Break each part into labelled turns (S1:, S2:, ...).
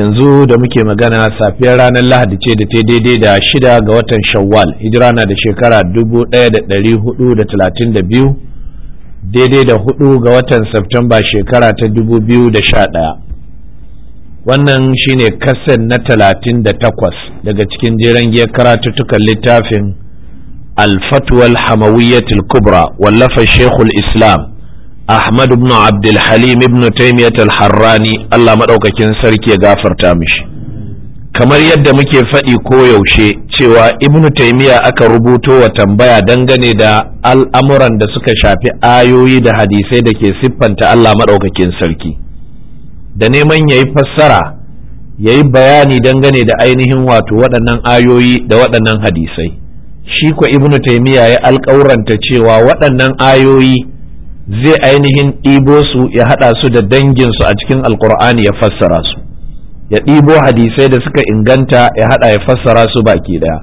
S1: yanzu da muke magana safiyar ranar lahadi ce da ta daidai da shida ga watan shawwal hijira na da shekara 1432 daidai da hudu ga watan Septemba shekara ta 2011 wannan shine kasan na 38 daga cikin jeren giyar karatuttukan littafin alfatuwal hamawiyyatul kubra wallafa shekul islam Ahmad ibn Abdul Halim ibn Taymiyyah al-Harrani Allah madaukakin sarki ya gafarta mishi kamar yadda muke faɗi yaushe cewa ibn Taymiyyah aka rubuto wa tambaya dangane da al'amuran da suka shafi ayoyi da hadisai da ke siffanta Allah madaukakin sarki da neman yayi fassara yayi bayani dangane da ainihin wato waɗannan ayoyi da waɗannan hadisai shi ko ibn Taymiyyah ya alƙauranta cewa waɗannan ayoyi zai ainihin ɗibo su ya haɗa su da danginsu a cikin alkur'ani ya fassara su ya ɗibo hadisai da suka inganta ya haɗa ya fassara su baki ɗaya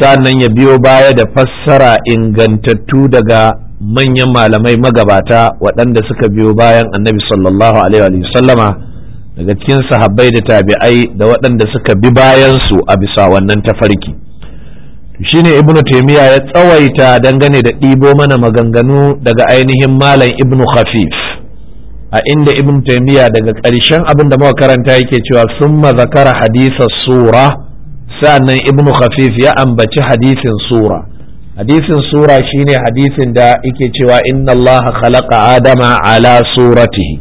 S1: sa'annan ya biyo baya da fassara ingantattu daga manyan malamai magabata waɗanda suka biyo bayan annabi sallallahu alaihi sallama daga cikin sahabbai da tabi'ai da waɗanda suka bi bayansu a bisa wannan tafarki shine ibnu taimiyya ya tsawaita dangane da ɗibo mana maganganu daga ainihin malam ibnu khafif a inda ibnu taimiyya daga ƙarshen abin da karanta yake cewa sun zakara hadisa sura sa'annan ibnu khafif ya ambaci hadisin sura hadisin sura shine hadisin da yake cewa inna allaha khalaqa adama ala suratihi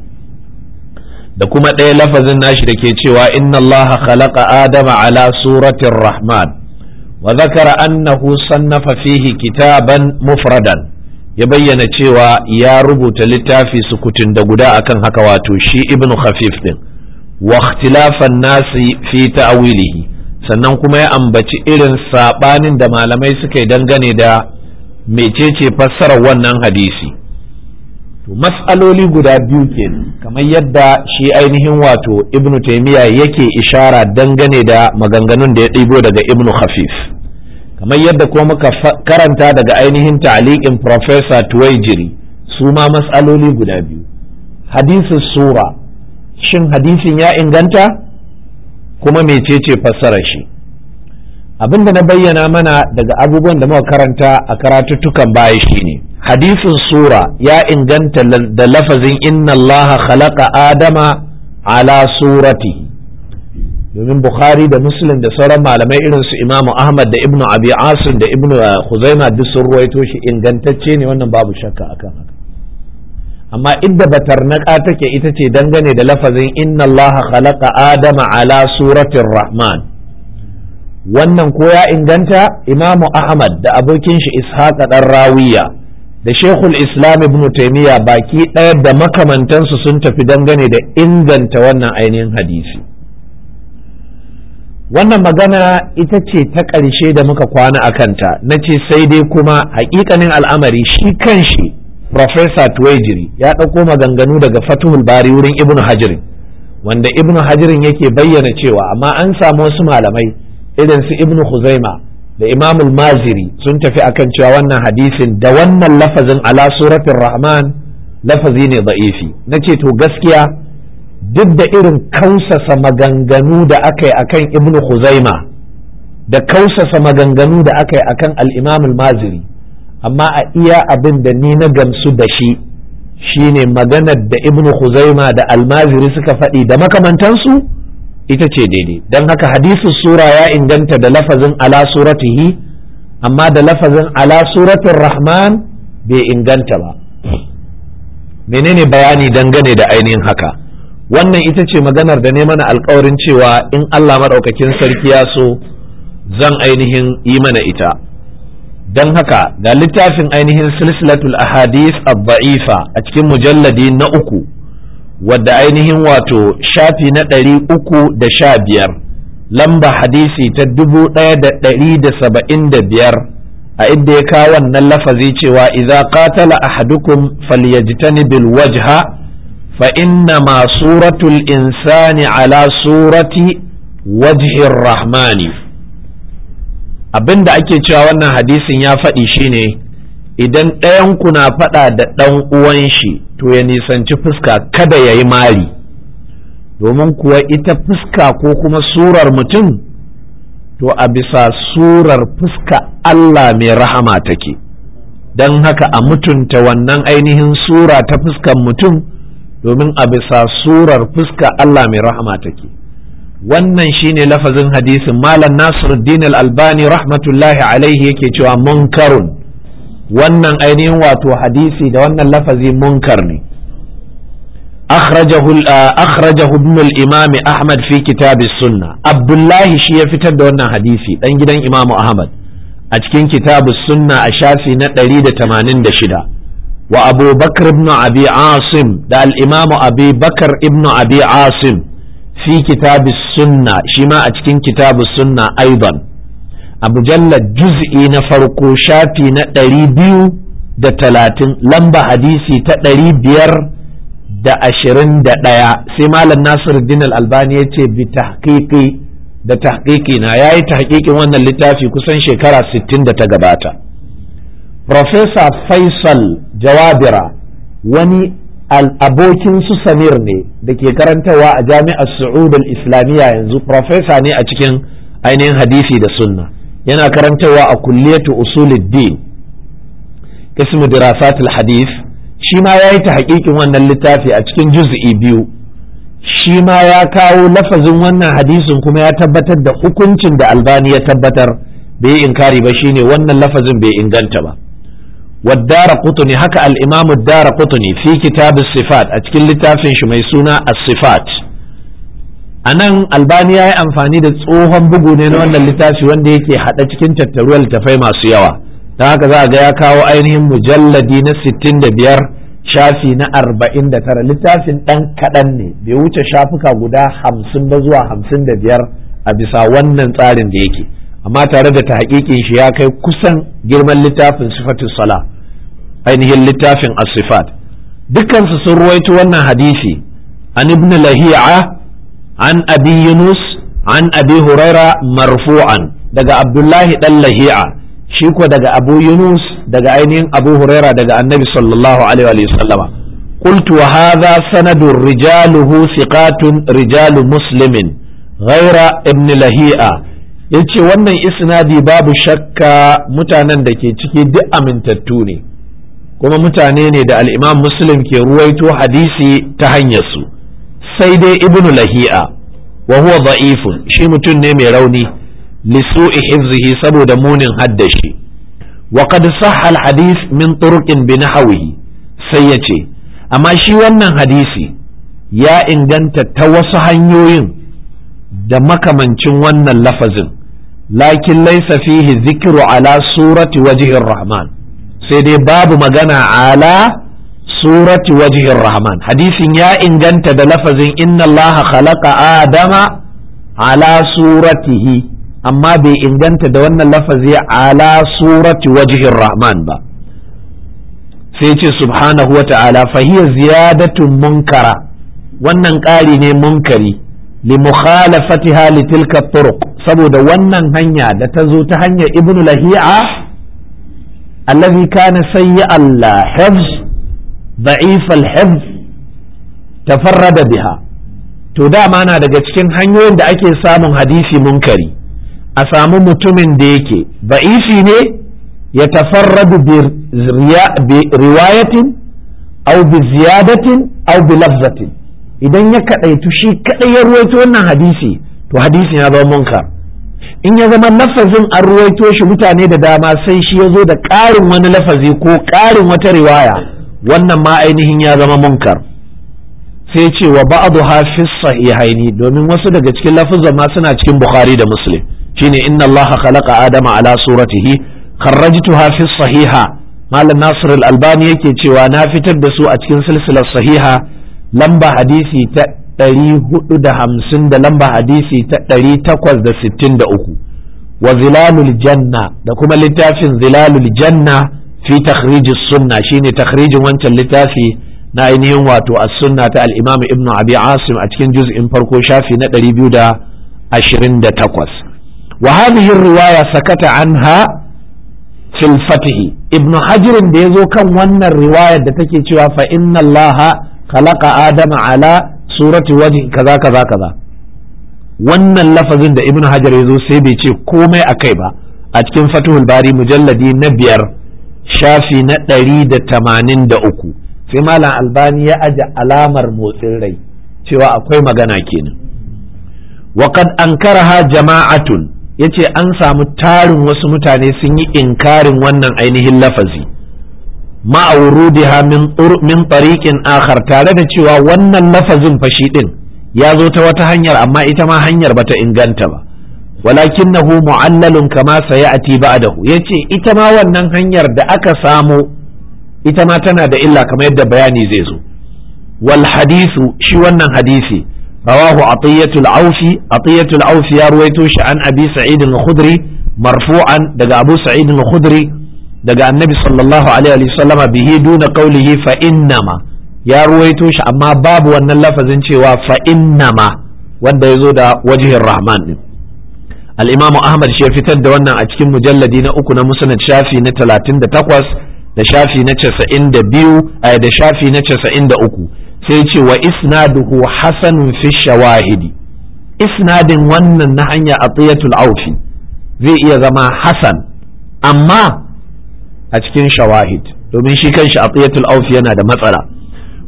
S1: da kuma ɗaya lafazin nashi da ke cewa inna allaha khalaqa adama ala suratin rahman وذكر أنه annahu sannafa fihi kitaban mufradan ya bayyana cewa ya rubuta littafi sukutun da guda akan haka wato shi ibnu khafif din wa sannan kuma ya ambaci irin sabanin da malamai suka yi dangane da mecece fassarar wannan hadisi to mas'aloli guda biyu kenan kamar yadda shi ainihin wato ibnu taymiya yake ishara dangane da maganganun da ya ɗibo daga ibnu khafif kamar yadda kuma muka karanta daga ainihin ta'liqin professor Tuwaijiri su ma matsaloli guda biyu hadisin sura shin hadisin ya inganta kuma mecece fassarar shi abinda na bayyana mana daga abubuwan da muka karanta a karatuttukan baya shine hadisin sura ya inganta da lafazin inna Allah khalaqa adama ala surati domin bukhari da muslim da sauran malamai irin su imamu ahmad da ibnu abi da ibnu khuzaima duk sun ruwaito shi ingantacce ne wannan babu shakka akan haka amma idda batarnaka take ita ce dangane da lafazin inna allaha khalaqa adama ala suratin rahman wannan ko ya inganta imamu ahmad da abokin shi ishaqa dan rawiya da shekul islam ibnu taimiyya baki ɗaya da makamantansu sun tafi dangane da inganta wannan ainihin hadisi wannan magana ita ce ta ƙarshe da muka kwana a kanta na ce sai dai kuma haƙiƙanin al'amari shi kan shi Profesa Tuwejiri ya ɗauko maganganu daga Fatuhul Bari wurin Ibn Hajirin wanda Ibn Hajirin yake bayyana cewa amma an samu wasu malamai irin su Ibn Huzaima da Imamul Maziri sun tafi akan cewa wannan hadisin da wannan lafazin ala suratul Rahman lafazi ne da'ifi ce to gaskiya duk da irin kausasa maganganu da aka yi a akan ibnu Khuzaima da kausasa maganganu da aka yi a kan al’imamul maziri amma a iya abin da ni na gamsu da shi shine maganar da ibnu Khuzaima da al-Maziri suka faɗi da makamantansu ita ce daidai don haka hadisin sura ya inganta da lafazin ala suratihi amma da lafazin ala suratin rahman bai inganta ba menene bayani dangane da ainihin haka wannan ita ce maganar da ne mana alkawarin cewa in Allah maɗaukakin sarki ya so zan ainihin yi mana ita don haka ga littafin ainihin silsilatul ahadis abba'ifa a cikin mujalladi na uku wadda ainihin wato shafi na ɗari uku da sha biyar lamba hadisi ta dubu ɗaya da ɗari da saba'in da biyar a inda ya kawo wannan lafazi cewa idza qatala ahadukum falyajtanibil wajha fa inna ma suratul insani ala surati wajhir rahmani abinda ake cewa wannan hadisin ya faɗi shine idan ɗayan ku na faɗa da ɗan uwan shi to ya nisanci fuska kada ya yi mari domin kuwa ita fuska ko kuma surar mutum to a bisa surar fuska Allah mai rahama take don haka a mutunta wannan ainihin sura ta fuskan mutum domin a bisa surar fuska Allah mai rahma take wannan shine lafazin hadisin malam Nasiruddin al-Albani rahmatullahi alaihi yake cewa munkarun wannan ainihin wato hadisi da wannan lafazi munkar ne Akraja ah, akhrajahu ibn imam Ahmad fi kitab as Abdullahi shi ya fitar da wannan hadisi ɗan gidan Imam Ahmad a cikin kitab as-Sunnah a shafi na shida. wa abu bakar ibn abi da al'imamu abi bakar ibn Abi'asim asim fi kitab sunna shima a cikin kitab sunna aiban a mujallar juz'i na farko shafi na ɗari biyu da talatin lamba hadisi ta ɗari biyar da ashirin da ɗaya sai malam nasir Dinal albani ya ce bi tahqiqi da tahqiqi na yayi tahqiqin wannan littafi kusan shekara sittin da ta gabata Profesa Faisal Jawabira wani abokin su Samir ne da ke karantawa a jami'ar Su'ud islamiyya yanzu profesa ne a cikin ainihin hadisi da sunna yana karantawa a kulliyatu usuluddin ismu dirasatul hadith shi ma ya yi ta hakikin wannan littafi a cikin juz'i biyu shi ma ya kawo lafazin wannan hadisin kuma ya tabbatar da hukuncin da albani ya tabbatar bai inkari ba shine wannan lafazin bai inganta ba waddara qutni haka al-imam ad-dara qutni fi sifat a cikin littafin shi mai suna as-sifat anan albani ya yi amfani da tsohon bugu ne na wannan littafi wanda yake haɗa cikin tattaruwar littafai masu yawa ta haka za a ga ya kawo ainihin mujalladi na sittin da biyar shafi na arba'in da tara littafin ɗan kaɗan ne bai wuce shafuka guda hamsin ba zuwa hamsin da biyar a bisa wannan tsarin da yake amma tare da ta hakikin shi ya kai kusan girman littafin sifatu sala ainihin littafin asifat dukansu sun ruwaito wannan hadisi an ibn lahi'a an abi yunus an abi huraira marfu'an daga abdullahi dan lahi'a shi ko daga abu yunus daga ainihin abu huraira daga annabi sallallahu alaihi wa sallama قلت وهذا سند رجاله ثقات رجال مسلم غير ابن لهيئة yace wannan isnadi babu shakka mutanen da ke ciki duk amintattu ne kuma mutane ne da al'imam muslim ke ruwaito hadisi ta hanyar su sai dai ibnu lahi'a wa huwa da'ifun shi mutum ne mai rauni lisu'i hifzihi saboda munin haddashi wa qad sahha al min turuqin bi nahwihi sai yace amma shi wannan hadisi ya inganta ta wasu hanyoyin da makamancin wannan lafazin lakin laisa fihi zikru ala surati wajihin rahman sai dai babu magana ala surati wajihin rahman hadisin ya inganta da lafazin inna allaha khalaqa adama ala suratihi amma bai inganta da wannan lafazi ala surati wajihin rahman ba sai ce subhanahu wa fahiyar ziyadatun munkara wannan ƙari ne munkari li mukhalafati li tilka turuq saboda wannan hanya da ta zo ta hanyar Ibn lahi'a allazi kana sayyi Allah hifz da'if al-hifz tafarrada biha to dama na daga cikin hanyoyin da ake samun hadisi munkari a samu mutumin da yake da'ifi ne ya tafarradu bi riwayatin au bi ziyadatin au bi lafzatin idan ya kadaitu shi kadai ya ruwaito wannan hadisi to hadisin ya zama munkar in ya zama lafazin an ruwaito shi mutane da dama sai shi ya zo da ƙarin wani lafazi ko ƙarin wata riwaya wannan ma ainihin ya zama munkar sai ce wa ba'adu hafiz sahihaini domin wasu daga cikin lafazan ma suna cikin bukhari da muslim shine inna Allah khalaqa adama ala suratihi kharrajtu hafiz sahiha malam nasir al-albani yake cewa na fitar da su a cikin silsilar sahiha lamba hadisi ta ɗari hudu da hamsin da lamba hadisi ta ɗari takwas da sittin da uku wa zilalul janna da kuma littafin zilalul janna fi takhrijis sunna shine takhrijin wancan littafi na ainihin wato as-sunna ta al-imam ibnu abi asim a cikin juz'in farko shafi na ɗari biyu da ashirin da takwas wa hadhihi riwaya sakata anha fil ibnu hajirin da yazo kan wannan riwayar da take cewa fa inna allaha khalaqa adama ala surati waji kaza kaza kaza wannan lafazin da ibnu hajar ya zo sai bai ce komai a kai ba a cikin fatuhul bari mujalladi na biyar shafi na ɗari da tamanin da uku sai malam albani ya aje alamar motsin rai cewa akwai magana kenan وقد Ankaraha jama'atun yace an samu tarin wasu mutane sun yi inkarin wannan ainihin lafazi ma'a wurudiha min tariqin akhar tare da cewa wannan lafazin fashi din ya zo ta wata hanyar amma ita ma hanyar bata inganta ba walakinnahu mu'allalun kama sayati ba'dahu dahu ita ma wannan hanyar da aka samo ita ma tana da illa kamar yadda bayani zai zo wal hadisu shi wannan hadisi rawahu atiyatul aufi atiyatul aufi ya ruwaito shi an abi sa'id al-khudri marfu'an daga abu sa'id al-khudri daga annabi sallallahu alaihi wasallama bihi duna qawlihi fa innama ya ruwaito shi amma babu wannan lafazin cewa fa innama wanda ya zo da wajihin rahman din al-imamu ahmad shi ya fitar da wannan a cikin mujalladi na uku na musnad shafi na 38 da shafi na 92 eh, da shafi na 93 sai ce wa isnaduhu hasanun fi shawahidi isnadin wannan na hanya a aufi zai iya zama hasan amma a cikin shawahid domin shi kanshi aqiyatul auf yana da matsala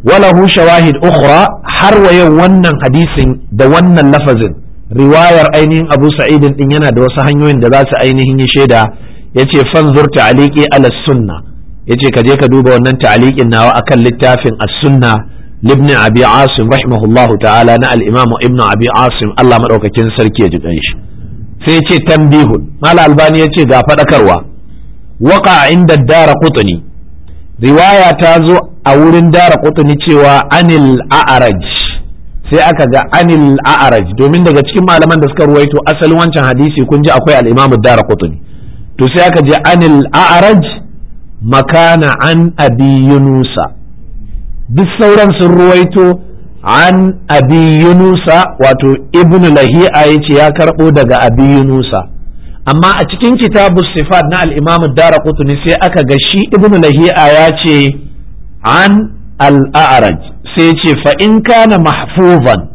S1: walahu shawahid ukhra har waye wannan hadisin da wannan lafazin riwayar ainihin abu sa'id din yana da wasu hanyoyin da za su ainihin yi shaida yace fanzur ta'liqi ala sunna yace ka je ka duba wannan ta'liqin nawa akan littafin as-sunna libni abi asim rahimahullahu ta'ala na al-imam ibnu abi asim Allah madaukakin sarki ya ji shi sai yace tambihun mala albani yace ga fadakarwa waka inda dara kutuni riwaya ta zo a wurin dara kutuni cewa anil a'araj sai aka ga anil a'araj domin daga cikin malaman da suka ruwaito asalin wancan hadisi kun ji akwai al'imamu dara kutuni to sai aka je anil a'araj makana an abi yunusa duk sauran sun ruwaito an abi yunusa wato ibnu lahi'a ya ce ya karɓo daga abi yunusa amma a cikin kitabu sifat na al-imam dara qutni sai aka ga shi ibnu lahi'a ya ce an al-a'raj sai ce fa in kana mahfuzan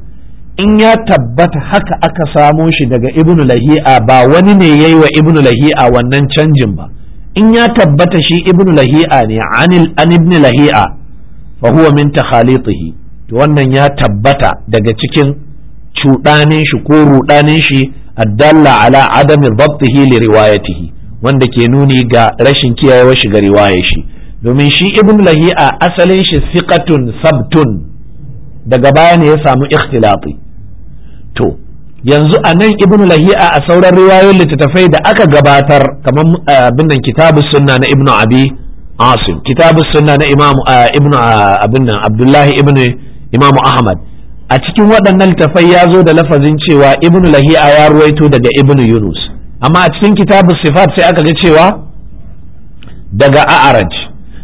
S1: in ya tabbata haka aka samo shi daga Ibn lahi'a ba wani ne yayi wa ibnu lahi'a wannan canjin ba in ya tabbata shi ibnu lahi'a ne anil an ibnu lahi'a fa huwa min takhalitihi to wannan ya tabbata daga cikin cuɗanin shi ko ruɗanin shi addalla ala adami dhabtihi li riwayatihi wanda ke nuni ga rashin kiyayewa shi ga riwayar shi domin shi ibn lahi'a asalin shi siqatun sabtun daga baya ne ya samu ikhtilati to yanzu a nan ibn lahi'a a sauran riwayoyin littattafai da aka gabatar kamar abin nan kitabus sunna na ibn abi asim kitabus sunna na imam ibn abin nan abdullahi ibn imam ahmad a cikin waɗannan littafai ya zo da lafazin cewa ibnu lahi'a ya ruwaito daga ibnu yunus amma a cikin kitabu sifat sai aka ga cewa daga a'araj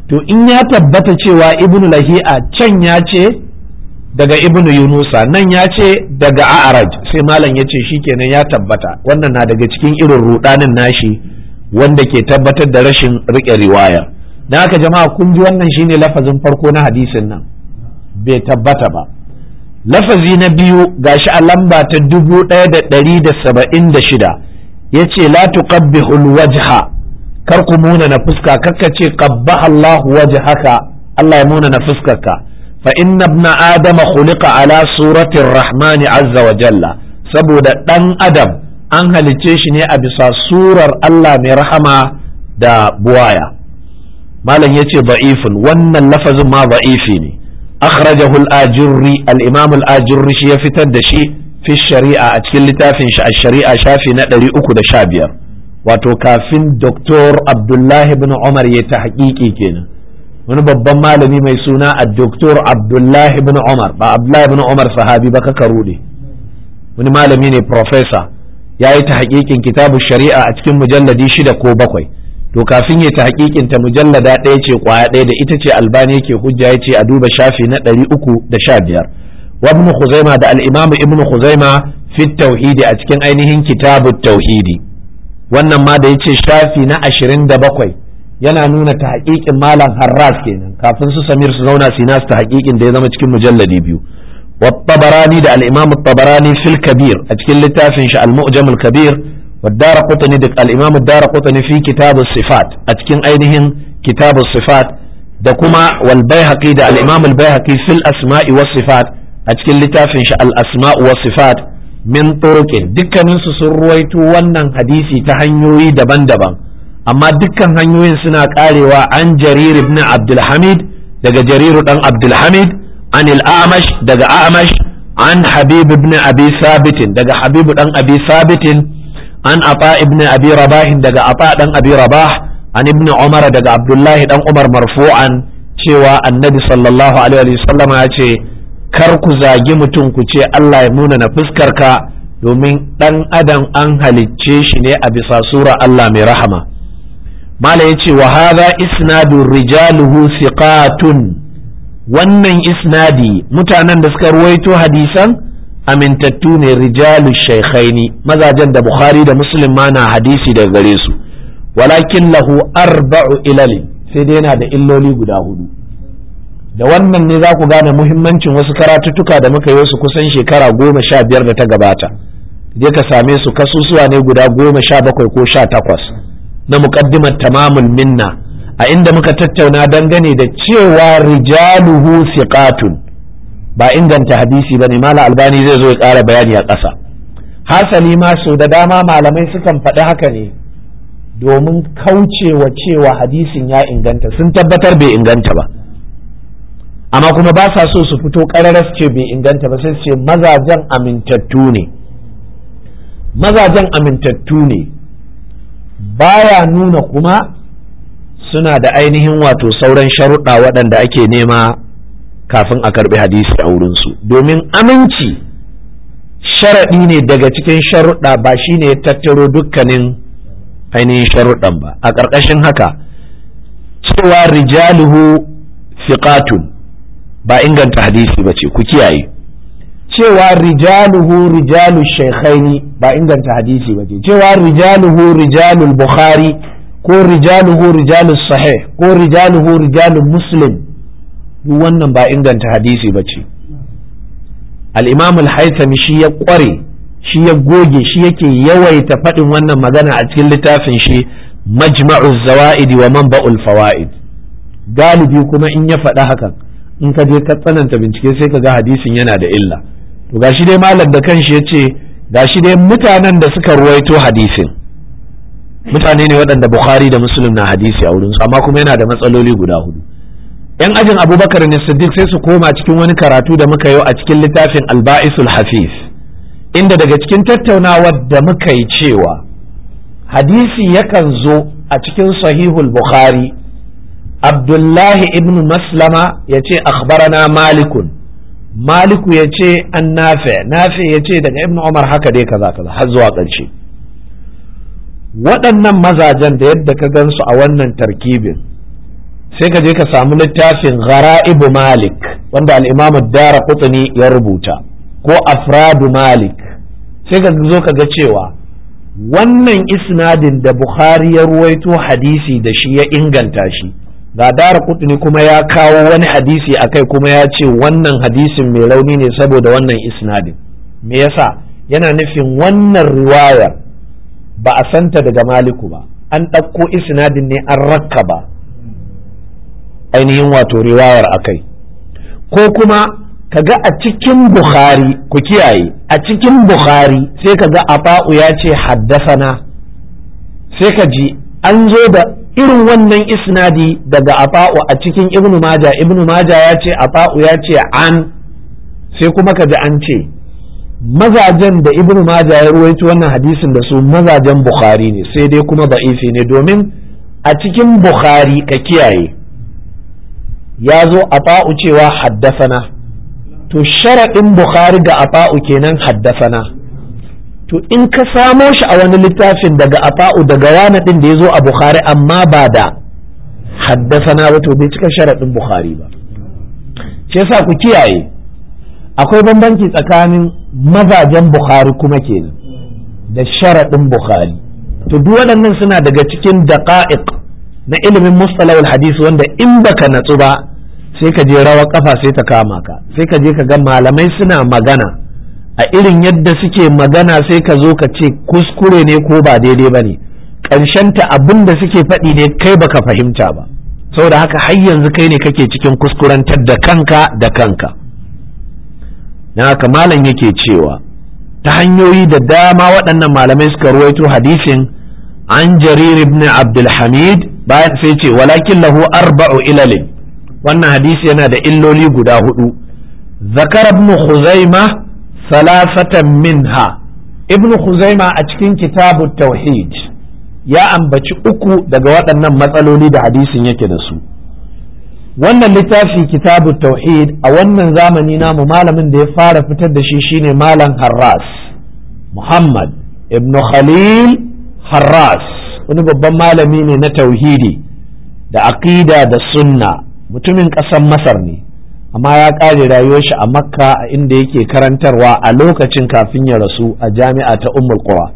S1: to in ya tabbata cewa ibnu lahi'a can ya ce daga ibnu yunusa nan ya ce daga a'araj sai malam ya ce shi kenan ya tabbata wannan na daga cikin irin rudanin nashi wanda ke tabbatar da rashin riƙe riwaya don haka jama'a kun ji wannan shine lafazin farko na hadisin nan bai tabbata ba lafazi na biyu gashi a lamba ta dubu ɗaya da ɗari da saba'in da shida ya ce la tuqabbihul wajha kar ku muna na fuska kakka ce qabbaha Allah wajhaka Allah ya muna na fuskarka fa inna bna adama khuliqa ala suratin rahmani azza wa jalla saboda ɗan adam an halicce shi ne a bisa surar Allah mai rahama da buwaya malam ya ce wannan lafazin ma ba'ifi ne akhrajahu al-ajurri al-imam ajurri shi ya fitar da shi fi shari'a a cikin littafin shi a shari'a shafi na ɗari 315 wato kafin doktor abdullahi ibn umar ya ta haƙiƙi kenan wani babban malami mai suna a doktor abdullahi ibn umar ba abdullahi ibn umar sahabi ba ka rude wani malami ne professor ya yi ta haƙiƙin kitabu shari'a a cikin mujalladi shida ko bakwai to kafin ya ta hakikinta mujallada ɗaya ce kwaya ɗaya da ita ce albani yake hujja ya ce a duba shafi na ɗari uku da sha biyar wa ibnu khuzaima da al-imam ibnu khuzaima fi tauhidi a cikin ainihin kitabu tauhidi wannan ma da yace shafi na ashirin da bakwai yana nuna ta hakikin malam harras kenan kafin su samir su zauna sinas su ta hakikin da ya zama cikin mujalladi biyu wa tabarani da al-imam tabarani fil kabir a cikin littafin shi al kabir والدار قطني دك الإمام الدار قطني في كتاب الصفات أتكين أينهم كتاب الصفات دكما والبيهقي دا الإمام البيهقي في الأسماء والصفات أتكين لتافن الأسماء والصفات من طرق دكا من سسرويت ونن حديثي تهنيوي دبن دبن أما دكا هنيوي سناك آلوا عن جرير بن عبد الحميد دك جرير بن عبد الحميد عن الأعمش دك أعمش عن حبيب بن أبي ثابت دك حبيب بن أبي ثابت an ata ibn abi rabah daga ata dan abi rabah an ibn umar daga abdullahi dan umar marfu'an cewa annabi sallallahu alaihi wasallam ya ce kar ku zagi mutum ku ce Allah ya nuna na fuskar ka domin dan adam an halicce shi ne a bisa sura Allah mai rahama mala yace wa hadha isnadu rijaluhu siqatun wannan isnadi mutanen da suka ruwaito hadisan amintattu ne rijalu shaikhaini mazajen da bukhari da muslim ma na hadisi daga gare su walakin lahu arba'u ilali sai dai yana da illoli guda hudu da wannan ne za ku gane muhimmancin wasu karatuttuka da muka yi wasu kusan shekara goma sha biyar da ta gabata je ka same su kasusuwa ne guda goma sha bakwai ko sha takwas na muƙaddimar tamamul minna a inda muka tattauna dangane da cewa rijaluhu siqatun ba inganta hadisi ba ne mala albani zai zo ya ƙara bayani a ƙasa hasali ma so da dama malamai sukan faɗi haka ne domin kaucewa cewa hadisin ya inganta sun tabbatar bai inganta ba amma kuma ba sa so su fito ƙararras ce bai inganta ba sai ce mazajen amintattu ne mazajen amintattu ne baya nuna kuma suna da ainihin wato sauran sharuɗa waɗanda ake nema kafin a karbi hadisi a wurinsu domin aminci sharaɗi ne daga cikin sharuɗa ba shi ne tattaro dukkanin ainihin sharuɗan ba a ƙarƙashin haka cewa rijaluhu fiqatun ba inganta hadisi ba ce ku kiyaye cewa rijaluhu rijalu shekhaini ba inganta hadisi ba ce cewa rijaluhu rijalul bukhari ko rijaluhu rijalus sahih ko rijaluhu rijalul muslim duk wannan ba inganta hadisi ba ce al-imam al-haythami shi ya kware shi ya goge shi yake yawaita faɗin wannan magana a cikin littafin shi majma'u zawa'id wa manba'ul fawaid galibi kuma in ya faɗa hakan in ka je ka tsananta bincike sai ka ga hadisin yana da illa to gashi dai malam da kanshi ya ce gashi dai mutanen da suka ruwaito hadisin mutane ne waɗanda bukhari da muslim na hadisi a wurinsu amma kuma yana da matsaloli guda hudu yan ajin abubakar ne siddiq sai su koma cikin wani karatu da muka yi a cikin littafin alba'isul hafiz inda daga cikin tattaunawar da muka yi cewa hadisi yakan zo a cikin sahihul bukhari abdullahi ibn maslama ya ce akhbarana malikun maliku ya ce an nafe nafe ya ce daga ibn umar haka dai kaza kaza har zuwa ƙarshe waɗannan mazajen da yadda ka gansu a wannan tarkibin sai ka je ka samu littafin ghara'ibu malik wanda al dara kutsuni ya rubuta ko afradu malik sai ka zo ka ga cewa wannan isnadin da bukhari ya ruwaito hadisi da shi ya inganta shi ga dara kuma ya kawo wani hadisi a kai kuma ya ce wannan hadisin mai rauni ne saboda wannan isnadin me yasa yana nufin wannan riwayar ba a santa daga maliku ba an ɗauko isnadin ne an rakka ba ainihin wato riwayar akai ko kuma kaga a cikin bukhari ku kiyaye a cikin bukhari sai kaga afa'u ya ce haddasana sai ka ji an zo da irin wannan isnadi daga afa'u a cikin ibnu maja ibnu maja ya ce afa'u ya ce an sai kuma ka ji an ce mazajen da ibnu maja ya ruwaito wannan hadisin da su mazajen bukhari ne sai dai kuma ba'ifi ne domin a cikin bukhari ka kiyaye ya zo afa'u cewa haddafana to sharaɗin bukhari ga afa'u kenan haddafana to in ka samo shi a wani littafin daga afa'u daga wani ɗin da ya zo a bukhari amma ba da haddasana ba to bai cika sharaɗin bukhari ba ce yasa ku kiyaye akwai bambanci tsakanin mazajen bukhari kuma kenan da sharaɗin bukhari to duk waɗannan suna daga cikin daqa'iq na ilimin mustalahul hadisi wanda in baka natsu ba sai ka je rawar kafa sai ta kama ka sai ka je ka ga malamai suna magana a irin yadda suke magana sai ka zo ka ce kuskure ne ko ba daidai ba ne ƙarshen abin da suke faɗi ne kai baka fahimta ba saboda haka har yanzu kai ne kake cikin kuskurantar da kanka da kanka na haka malam yake cewa ta hanyoyi da dama waɗannan malamai suka ruwaito hadisin an jarir ibn abdulhamid bayan sai ce walakin lahu arba'u ilalin wannan hadisi yana da illoli guda hudu zakar ibn khuzaima salasatan minha ibn khuzaima a cikin kitabu tauhid ya ambaci uku daga waɗannan matsaloli da hadisin yake da su wannan littafi kitabu tauhid a wannan zamani namu malamin da ya fara fitar da shi shine malam harras muhammad ibn khalil harras wani babban malami ne na tauhidi da aqida da sunna mutumin ƙasar masar ne amma ya ƙare rayuwar shi a makka a inda yake karantarwa a lokacin kafin ya rasu a jami'a ta ummul qura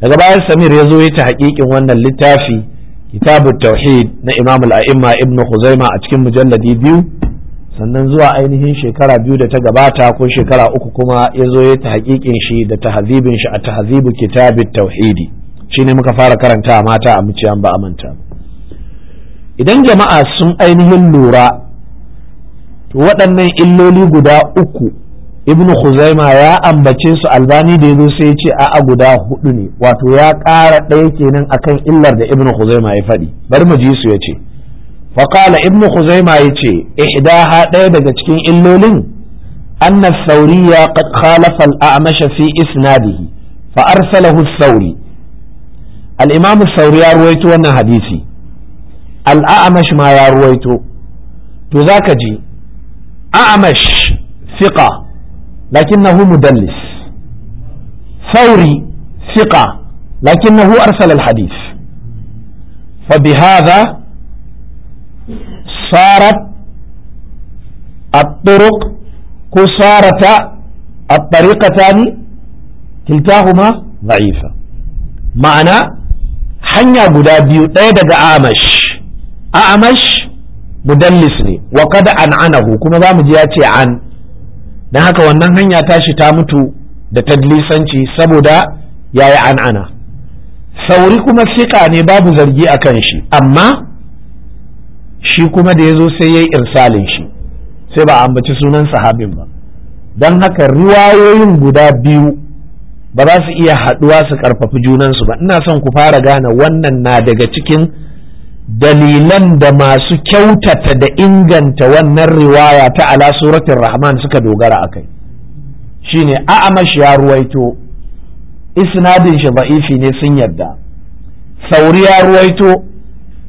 S1: daga bayan samir ya zo ta haƙiƙin wannan littafi kitabu tauhid na imam al-a'imma ibnu huzaima a cikin mujalladi biyu sannan zuwa ainihin shekara biyu da ta gabata ko shekara uku kuma ya zo ya ta haƙiƙin shi da tahzibin shi a tahzibu kitabu tauhidi shi ne muka fara karanta a mata a an ba manta idan jama'a sun ainihin lura to waɗannan illoli guda uku ibn Khuzaima ya ambace su albani da ya zo sai ce a'a guda hudu ne wato ya ƙara ɗaya kenan akan illar da ibn Khuzaima ya faɗi bari mu ji su ya ce faƙala ibn Khuzaima ya ce ihdaha ɗaya daga cikin illolin anna sauriya qad khalafa al-a'mash fi isnadihi fa arsalahu sauri الإمام الثوري رويته وانا حديثي الأعمش ما رويته تذاك جي أعمش ثقة لكنه مدلس ثوري ثقة لكنه أرسل الحديث فبهذا صارت الطرق قصارة الطريقتان كلتاهما ضعيفة معنى hanya guda biyu ɗaya daga amash amash mudallis ne wa kada an anahu kuma za mu ji ya ce an don haka wannan hanya tashi ta mutu da tadlisanci saboda ya yi an ana sauri kuma sika ne babu zargi a kan shi amma shi kuma da ya zo sai ya yi irsalin shi sai ba a ambaci sunan sahabin ba don haka riwayoyin guda biyu ba za su iya haɗuwa su ƙarfafi junansu ba ina son ku fara gane wannan na daga cikin dalilan da masu kyautata da inganta wannan riwaya ta ala suratin rahman suka dogara a kai Shi shine a'amash ya ruwaito isnadin shi ba'ifi ne sun yarda sauri ya ruwaito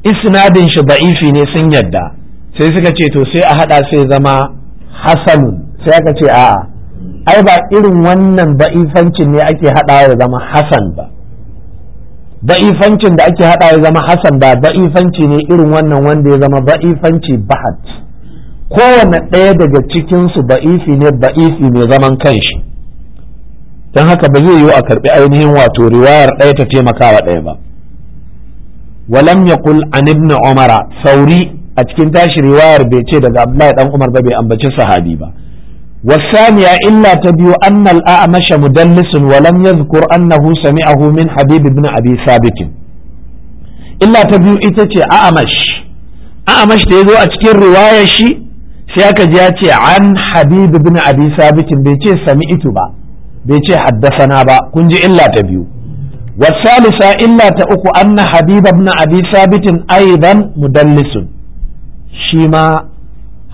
S1: isnadin shi ba'ifi ne sun yarda sai suka ce to sai a haɗa sai zama hasanun sai aka ce a'a ai ba irin wannan ba'ifancin ne ake haɗawa ya zama hasan ba ba'ifancin da ake haɗawa ya zama hasan ba ba'ifanci ne irin wannan wanda ya zama ba'ifanci bahat kowane ɗaya daga cikinsu ba'ifi ne ba'ifi mai zaman kanshi don haka ba zai yiwu a karɓi ainihin wato riwayar ɗaya ta taimakawa ɗaya ba walam yaqul an ibn umara sauri a cikin tashi riwayar bai ce daga abdullahi dan umar ba bai ambaci sahabi ba والثانية إلا تبيو أن الأعمش مدلس ولم يذكر أنه سمعه من حبيب بن أبي ثابت إلا تبيو إتتي أعمش أعمش تيزو أتكين رواية شي سياك جاتي عن حبيب بن أبي ثابت بيتي سمعت با بيتي حدثنا با كنج إلا تبيو والثالثة إلا تأكو أن حبيب بن أبي ثابت أيضا مدلس شيما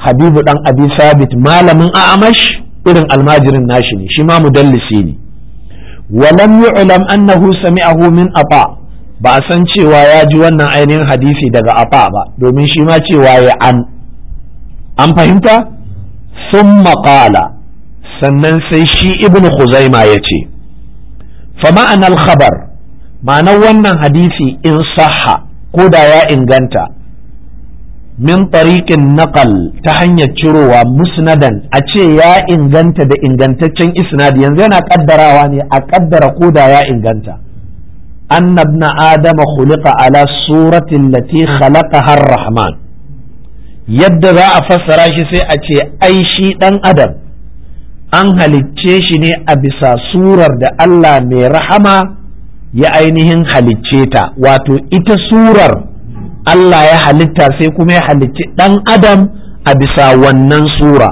S1: habibu dan abi sabit malamin amash irin almajirin nashi ne shi ma mudallisi ne walam yu'lam annahu sami'ahu min aba ba san cewa ya ji wannan ainihin hadisi daga ap'a ba domin shi ma cewa ya an an fahimta thumma qala sannan sai shi ibnu khuzaima yace fa ma'ana khabar ma'anar wannan hadisi in sahha ko da ya inganta min tariqin naqal ta hanyar cirowa musnadan a ce ya inganta da ingantaccen isnadi yanzu yana kaddarawa ne a kaddara da ya inganta anna ibn adama khuliqa ala suratin lati khalaqaha ar-rahman yadda za a fassara shi sai a ce ai shi dan adam an halicce shi ne a bisa surar da Allah mai rahama ya ainihin halicce ta wato ita surar Allah ya halitta sai kuma ya halicci ɗan adam a bisa wannan sura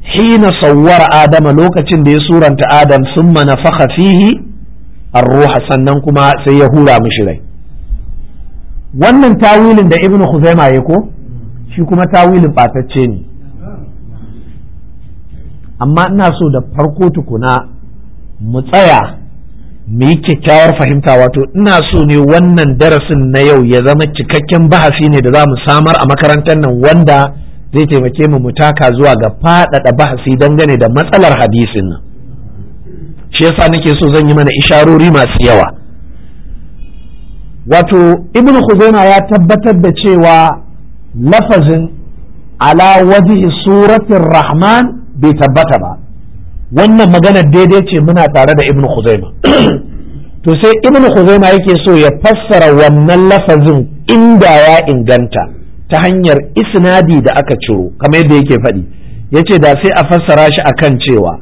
S1: hina sawwar adama lokacin da ya suranta adam sun mana faka fihi ruha sannan kuma sai ya hura mishi rai wannan tawilin da ibnu huzaima ya ko shi kuma tawilin batacce ne amma ina so da farko tukuna mu tsaya me kyakkyawar fahimta wato ina so ne wannan darasin na yau ya zama cikakken bahasi ne da za mu samar a makarantar nan wanda zai taimake mu mu taka zuwa ga faɗaɗa bahasi dangane da matsalar hadisin nan shi yasa nake so zan yi mana isharori masu yawa wato ibn khuzaima ya tabbatar da cewa lafazin ala wajhi suratin rahman bai tabbata ba wannan magana daidai ce muna tare da ibn khuzaima to sai ibn khuzaima yake so ya fassara wannan lafazin inda ya inganta ta hanyar isnadi da aka ciro kamar yadda yake faɗi yace da sai a fassara shi akan cewa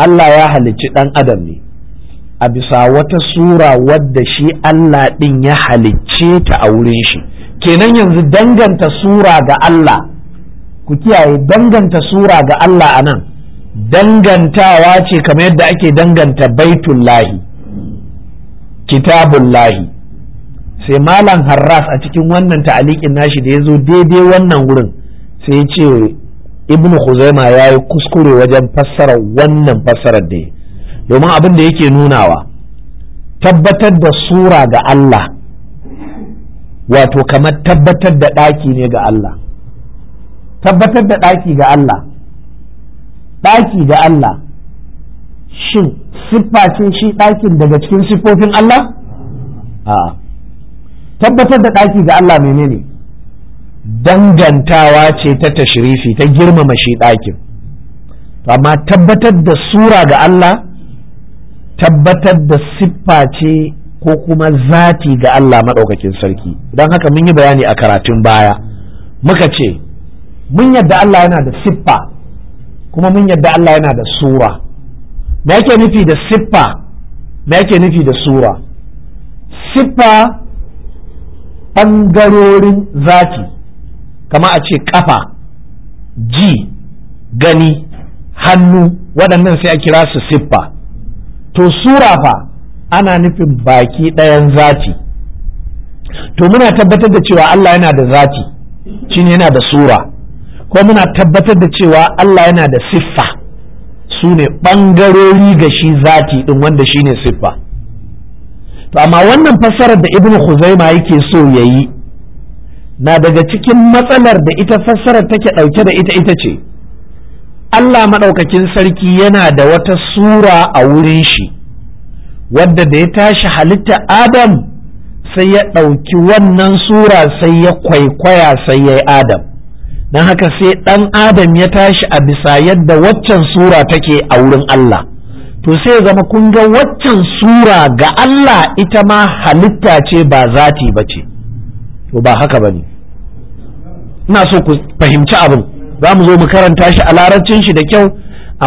S1: Allah ya halicci ɗan adam ne a bisa wata sura wadda shi Allah ɗin ya halicce ta a wurin shi kenan yanzu danganta sura ga Allah ku kiyaye danganta sura ga Allah a nan dangantawa ce kamar yadda ake danganta baitullahi kitabullahi sai malam harras a cikin wannan ta'alikin nashi da ya zo daidai wannan wurin sai ya ce ibnu khuzaima ya yi kuskure wajen fassara wannan fassarar da domin abin da yake nunawa tabbatar da sura ga Allah wato kamar tabbatar da ɗaki ne ga Allah tabbatar da ɗaki ga Allah ɗaki da Allah shin siffa shi ɗakin daga cikin siffofin Allah a tabbatar da ɗaki ga Allah menene dangantawa ce ta tashirifi, ta girmama shi ɗakin amma tabbatar da sura ga Allah tabbatar da siffa ce ko kuma zati ga Allah maɗaukakin sarki don haka mun yi bayani a karatun baya muka ce mun yadda Allah yana da siffa kuma mun yadda Allah yana da sura me yake nufi da siffa me yake nufi da sura siffa ɓangarorin zaki, kama a ce ƙafa ji gani hannu waɗannan sai a kira su siffa to sura fa ana nufin baki ɗayan zati to muna tabbatar da cewa Allah yana da zati shine yana da sura ko muna tabbatar da cewa Allah yana da siffa su ne ɓangarori ga shi zati ɗin wanda shi ne siffa to amma wannan fassarar da Ibn Khuzaima yake so ya yi na daga cikin matsalar da ita fassarar take ɗauke da ita ita ce Allah maɗaukakin sarki yana da wata sura a wurin shi wadda da ya tashi halitta Adam sai ya ɗauki wannan sura sai ya kwaikwaya sai ya yi Adam don haka sai ɗan adam ya tashi a bisa yadda waccan sura take a wurin Allah to sai zama kun ga waccan sura ga Allah ita ma halitta ce ba zati ba ce to ba haka ba ne ina so ku fahimci abin za mu zo mu karanta shi a larabcin shi da kyau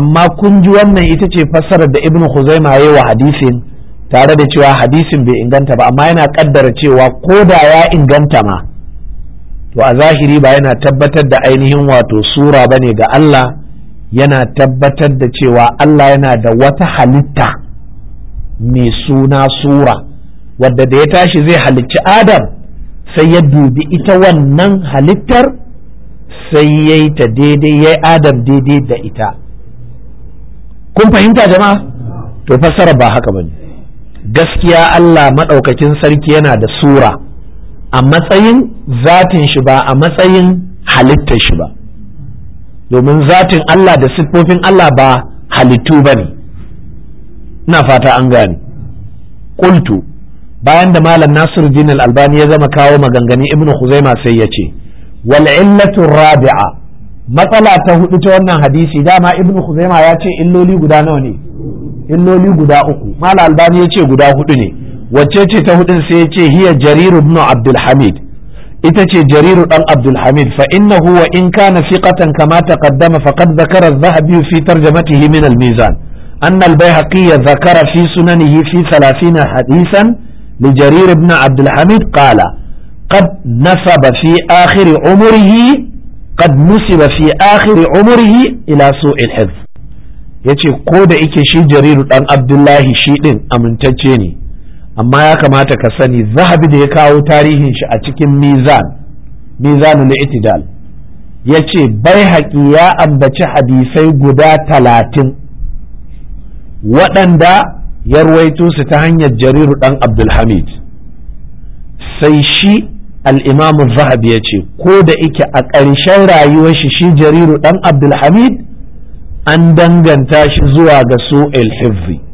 S1: amma kun ji wannan ita ce fassarar da ibnu khuzaima ya wa hadisin tare da cewa hadisin bai inganta ba amma yana kaddara cewa ko da ya inganta ma to a zahiri ba yana tabbatar da ainihin wato sura ba ne ga Allah yana tabbatar da cewa Allah yana da wata halitta mai suna sura wadda da ya tashi zai halicci Adam sai ya dubi ita wannan halittar sai ya yi ta daidai ya yi Adam daidai da ita kun fahimta jama'a to fassara ba haka bane gaskiya Allah maɗaukakin sarki yana da sura a matsayin zatin shi ba a matsayin halittar shi ba domin zatin Allah da siffofin Allah ba halittu ba ne ina fata an gani. Kultu bayan da malam nasiru din albani ya zama kawo maganganun ibnu huzaima sai ya ce wal rabi'a matsala ta hudu ta wannan hadisi dama ibnu huzaima ya ce illoli guda nawa ne illoli guda uku malam albani ya ce guda hudu ne wacce ce ta hudun sai ya ce hiya jariru ibn abdulhamid ita ce jariru dan abdulhamid fa innahu wa in kana fiqatan kama taqaddama faqad zakara adh-dhahabi fi tarjamatihi min al-mizan أن البيهقي ذكر في سننه في ثلاثين حديثا لجرير بن عبد الحميد qala قد نسب في آخر عمره قد نسب في آخر عمره إلى سوء الحفظ yace ko da ike shi jariru dan abdullahi shi din amintacce ne amma ya kamata ka sani zahabi da ya kawo tarihin shi a cikin mizan na itidal ya ce bai haƙi ya ambaci hadisai guda talatin waɗanda ya ruwaito su ta hanyar jariru ɗan abdulhamid sai shi al'imamu zahabi ya ce ko da ike a ƙarshen rayuwar shi shi jariru ɗan abdulhamid an danganta shi zuwa ga su hifzi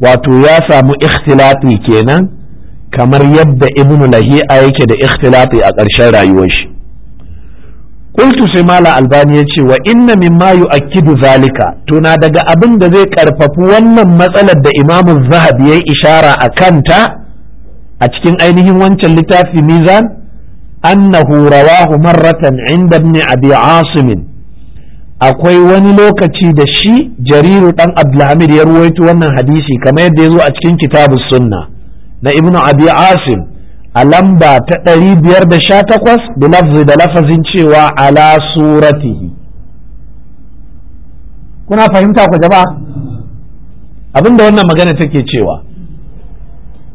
S1: wato ya samu ikhtilafi kenan kamar yadda ibnu lahi'a yake da ikhtilafi a ƙarshen rayuwar shi qultu sai mala albani ya ce wa inna mimma yu'akkidu zalika to na daga abin da zai karfafi wannan matsalar da imamu zahabi ya ishara a kanta a cikin ainihin wancan littafi mizan annahu rawahu marratan inda ibn abi asim akwai wani lokaci da shi jariru dan abdulhamid ya ruwaito wannan hadisi kamar yadda ya zo a cikin kitabu sunna na ibnu abi asim a lamba ta ɗari biyar da lafzi da lafazin cewa ala suratihi kuna fahimta ku jama'a abinda wannan magana take cewa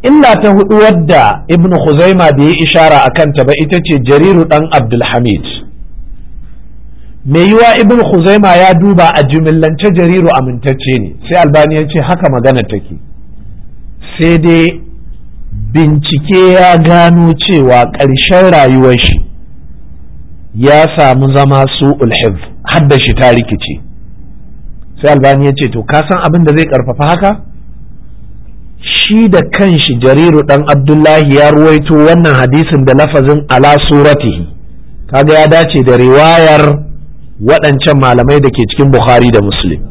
S1: illa ta hudu wadda ibnu khuzaima bai yi ishara a kanta ba ita ce jariru dan abdulhamid mai yiwa ibn khuzaima ya duba a jimillance jariru amintacce ne sai albani ya ce haka magana take sai dai bincike ya gano cewa ƙarshen rayuwar shi ya samu zama su ulhiv hadda shi ta rikice sai albani ya ce to ka san abin da zai karfafa haka shi da kanshi jariru dan abdullahi ya ruwaito wannan hadisin da lafazin ala suratihi kaga ya dace da riwayar waɗancan malamai da ke cikin bukhari da muslim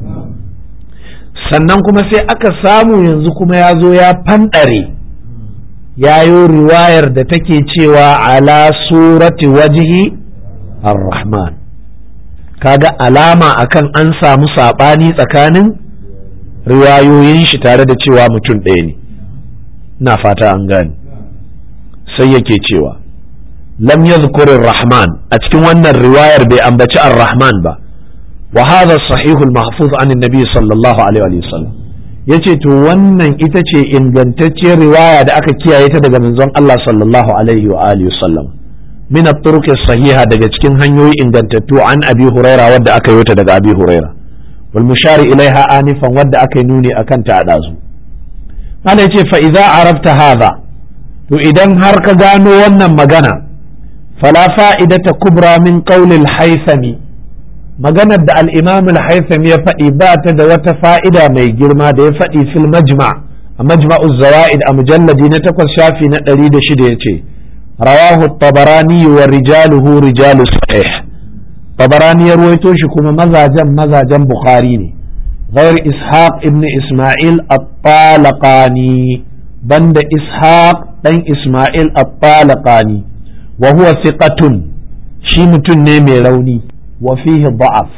S1: sannan kuma sai aka samu yanzu kuma ya zo ya fanɗare ya yi riwayar da take cewa ala surati wajihi ar-rahman kaga alama akan an samu saɓani tsakanin riwayoyin shi tare da cewa mutum ɗaya ne na fata an gane sai yake cewa lam yadhkurir rahman a cikin wannan riwayar bai ambaci ar ba wa hadha sahihul mahfuz an nabi sallallahu alaihi wa sallam yace to wannan ita ce ingantacciyar riwaya da aka kiyaye ta daga manzon Allah sallallahu alaihi wa alihi sallam min at-turuq sahiha daga cikin hanyoyi ingantattu an abi huraira wadda aka yi ta daga abi huraira wal mushari ilaiha anifan wadda aka yi nuni akan ta a dazu Allah yace fa idza arafta hadha to idan har ka gano wannan magana fala fa'idata kubra min qaulil haythami maganar da al-imam al ya faɗi ba ta da wata fa'ida mai girma da ya faɗi fil majma' a majma'u zawaid a mujalladi na takwas shafi na ɗari da shida ya ce rawahu tabarani wa rijaluhu rijalu sahih tabarani ya ruwaito shi kuma mazajen mazajen bukhari ne غير إسحاق ابن إسماعيل الطالقاني بند إسحاق بن إسماعيل الطالقاني wa huwa siqatun shi mutum ne mai rauni wa fihi da'af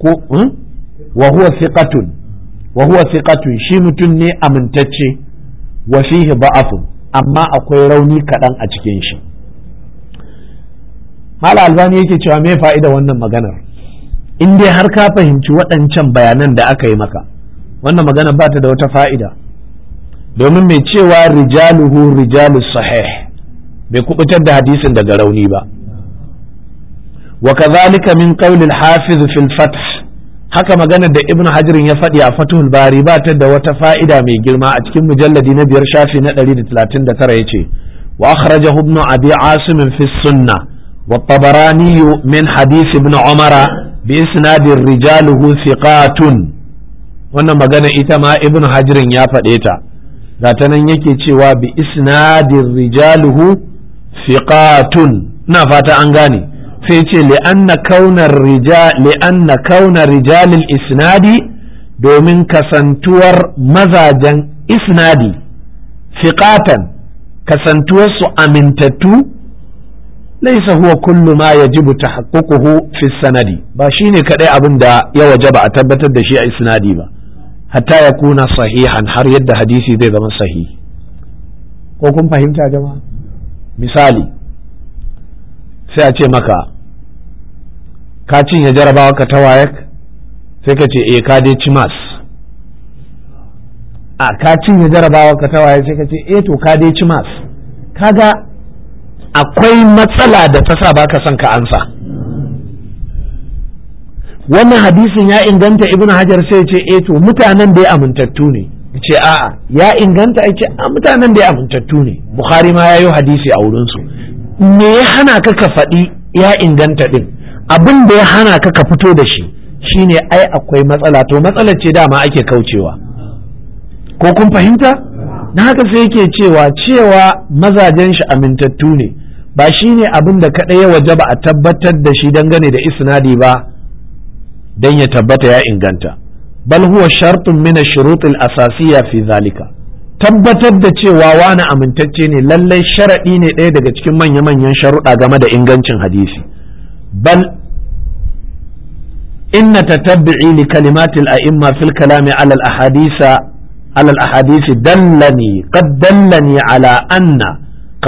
S1: ko hmm? wa huwa siqatun wa huwa siqatun shi mutum ne amintacce wa fihi amma akwai rauni kaɗan a cikin shi mala albani yake cewa me fa'ida wannan maganar in dai har ka fahimci waɗancan bayanan da aka yi maka wannan magana ba ta da wata fa'ida domin mai cewa rijaluhu rijalu sahih bai kubutar da hadisin daga rauni ba wa kazalika min qawlil hafiz fil haka maganar da ibn hajirin ya faɗi a fathul bari ba ta da wata fa'ida mai girma a cikin mujalladi na biyar shafi na 139 yace wa akhrajahu ibn abi asim fi sunnah wa tabarani min hadith ibn umara bi isnadin rijaluhu thiqatun wannan magana ita ma ibn hajirin ya faɗe ta ga ta nan yake cewa bi isnadin rijaluhu fiqatun na fata an gane sai ce li'anna kaunar rija li'anna kaunar rijalil isnadi domin kasantuwar mazajen isnadi fiqatan kasantuwar su amintattu laisa huwa kullu ma yajibu tahaqququhu fi sanadi ba shine kadai abin da ya wajaba a tabbatar da shi a isnadi ba hatta ya kuna sahihan har yadda hadisi zai zama sahihi ko kun fahimta jama'a misali sai a ce maka ka cinye jarabawa ka ta wayek sai ka ce eh ka dai ci mas a ka cinye jarabawa ka ta wayek sai ka ce eh to ka dai ci mas kaga akwai matsala da ta sa baka son ka ansa wannan hadisin ya inganta ibnu hajar sai ce eh to mutanen dai amintattu ne ce a'a ya inganta ya ce a mutanen da ya amintattu ne bukhari ma ya yi hadisi a wurinsu me ya hana ka ka faɗi ya inganta ɗin abin da ya hana ka ka fito da shi shine ai akwai matsala to matsalar ce dama ake kaucewa ko kun fahimta na haka sai yake cewa cewa mazajen shi amintattu ne ba shine abin da kaɗai ya waje ba a tabbatar da shi dangane da isnadi ba don ya tabbata ya inganta bal huwa shartun mina ash-shurut asasiyya fi zalika tabbatar da cewa wani amintacce ne lallai sharaɗi ne ɗaya daga cikin manya-manyan sharuɗa game da ingancin hadisi bal inna tatabbi'i li kalimatil a'imma fil kalami alal ahadisa alal ahadisi dallani qad dallani ala anna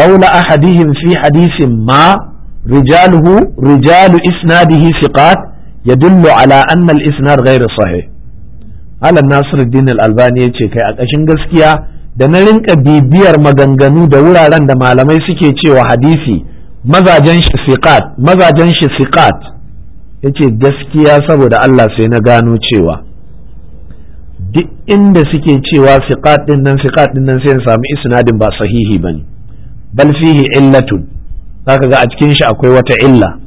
S1: qawla ahadihim fi hadisin ma rijaluhu rijalu isnadihi siqat yadullu ala anna al-isnad ghayr sahih malam nasiru al-albani ya ce kai a ƙashin gaskiya da na rinka bibiyar maganganu da wuraren da malamai suke cewa hadisi mazajen shi siqat mazajen shi siqat yace gaskiya saboda Allah sai na gano cewa duk inda suke cewa siqat din nan siqat din nan sai in samu isnadin ba sahihi bane bal fihi illatun zaka ga a cikin shi akwai wata illa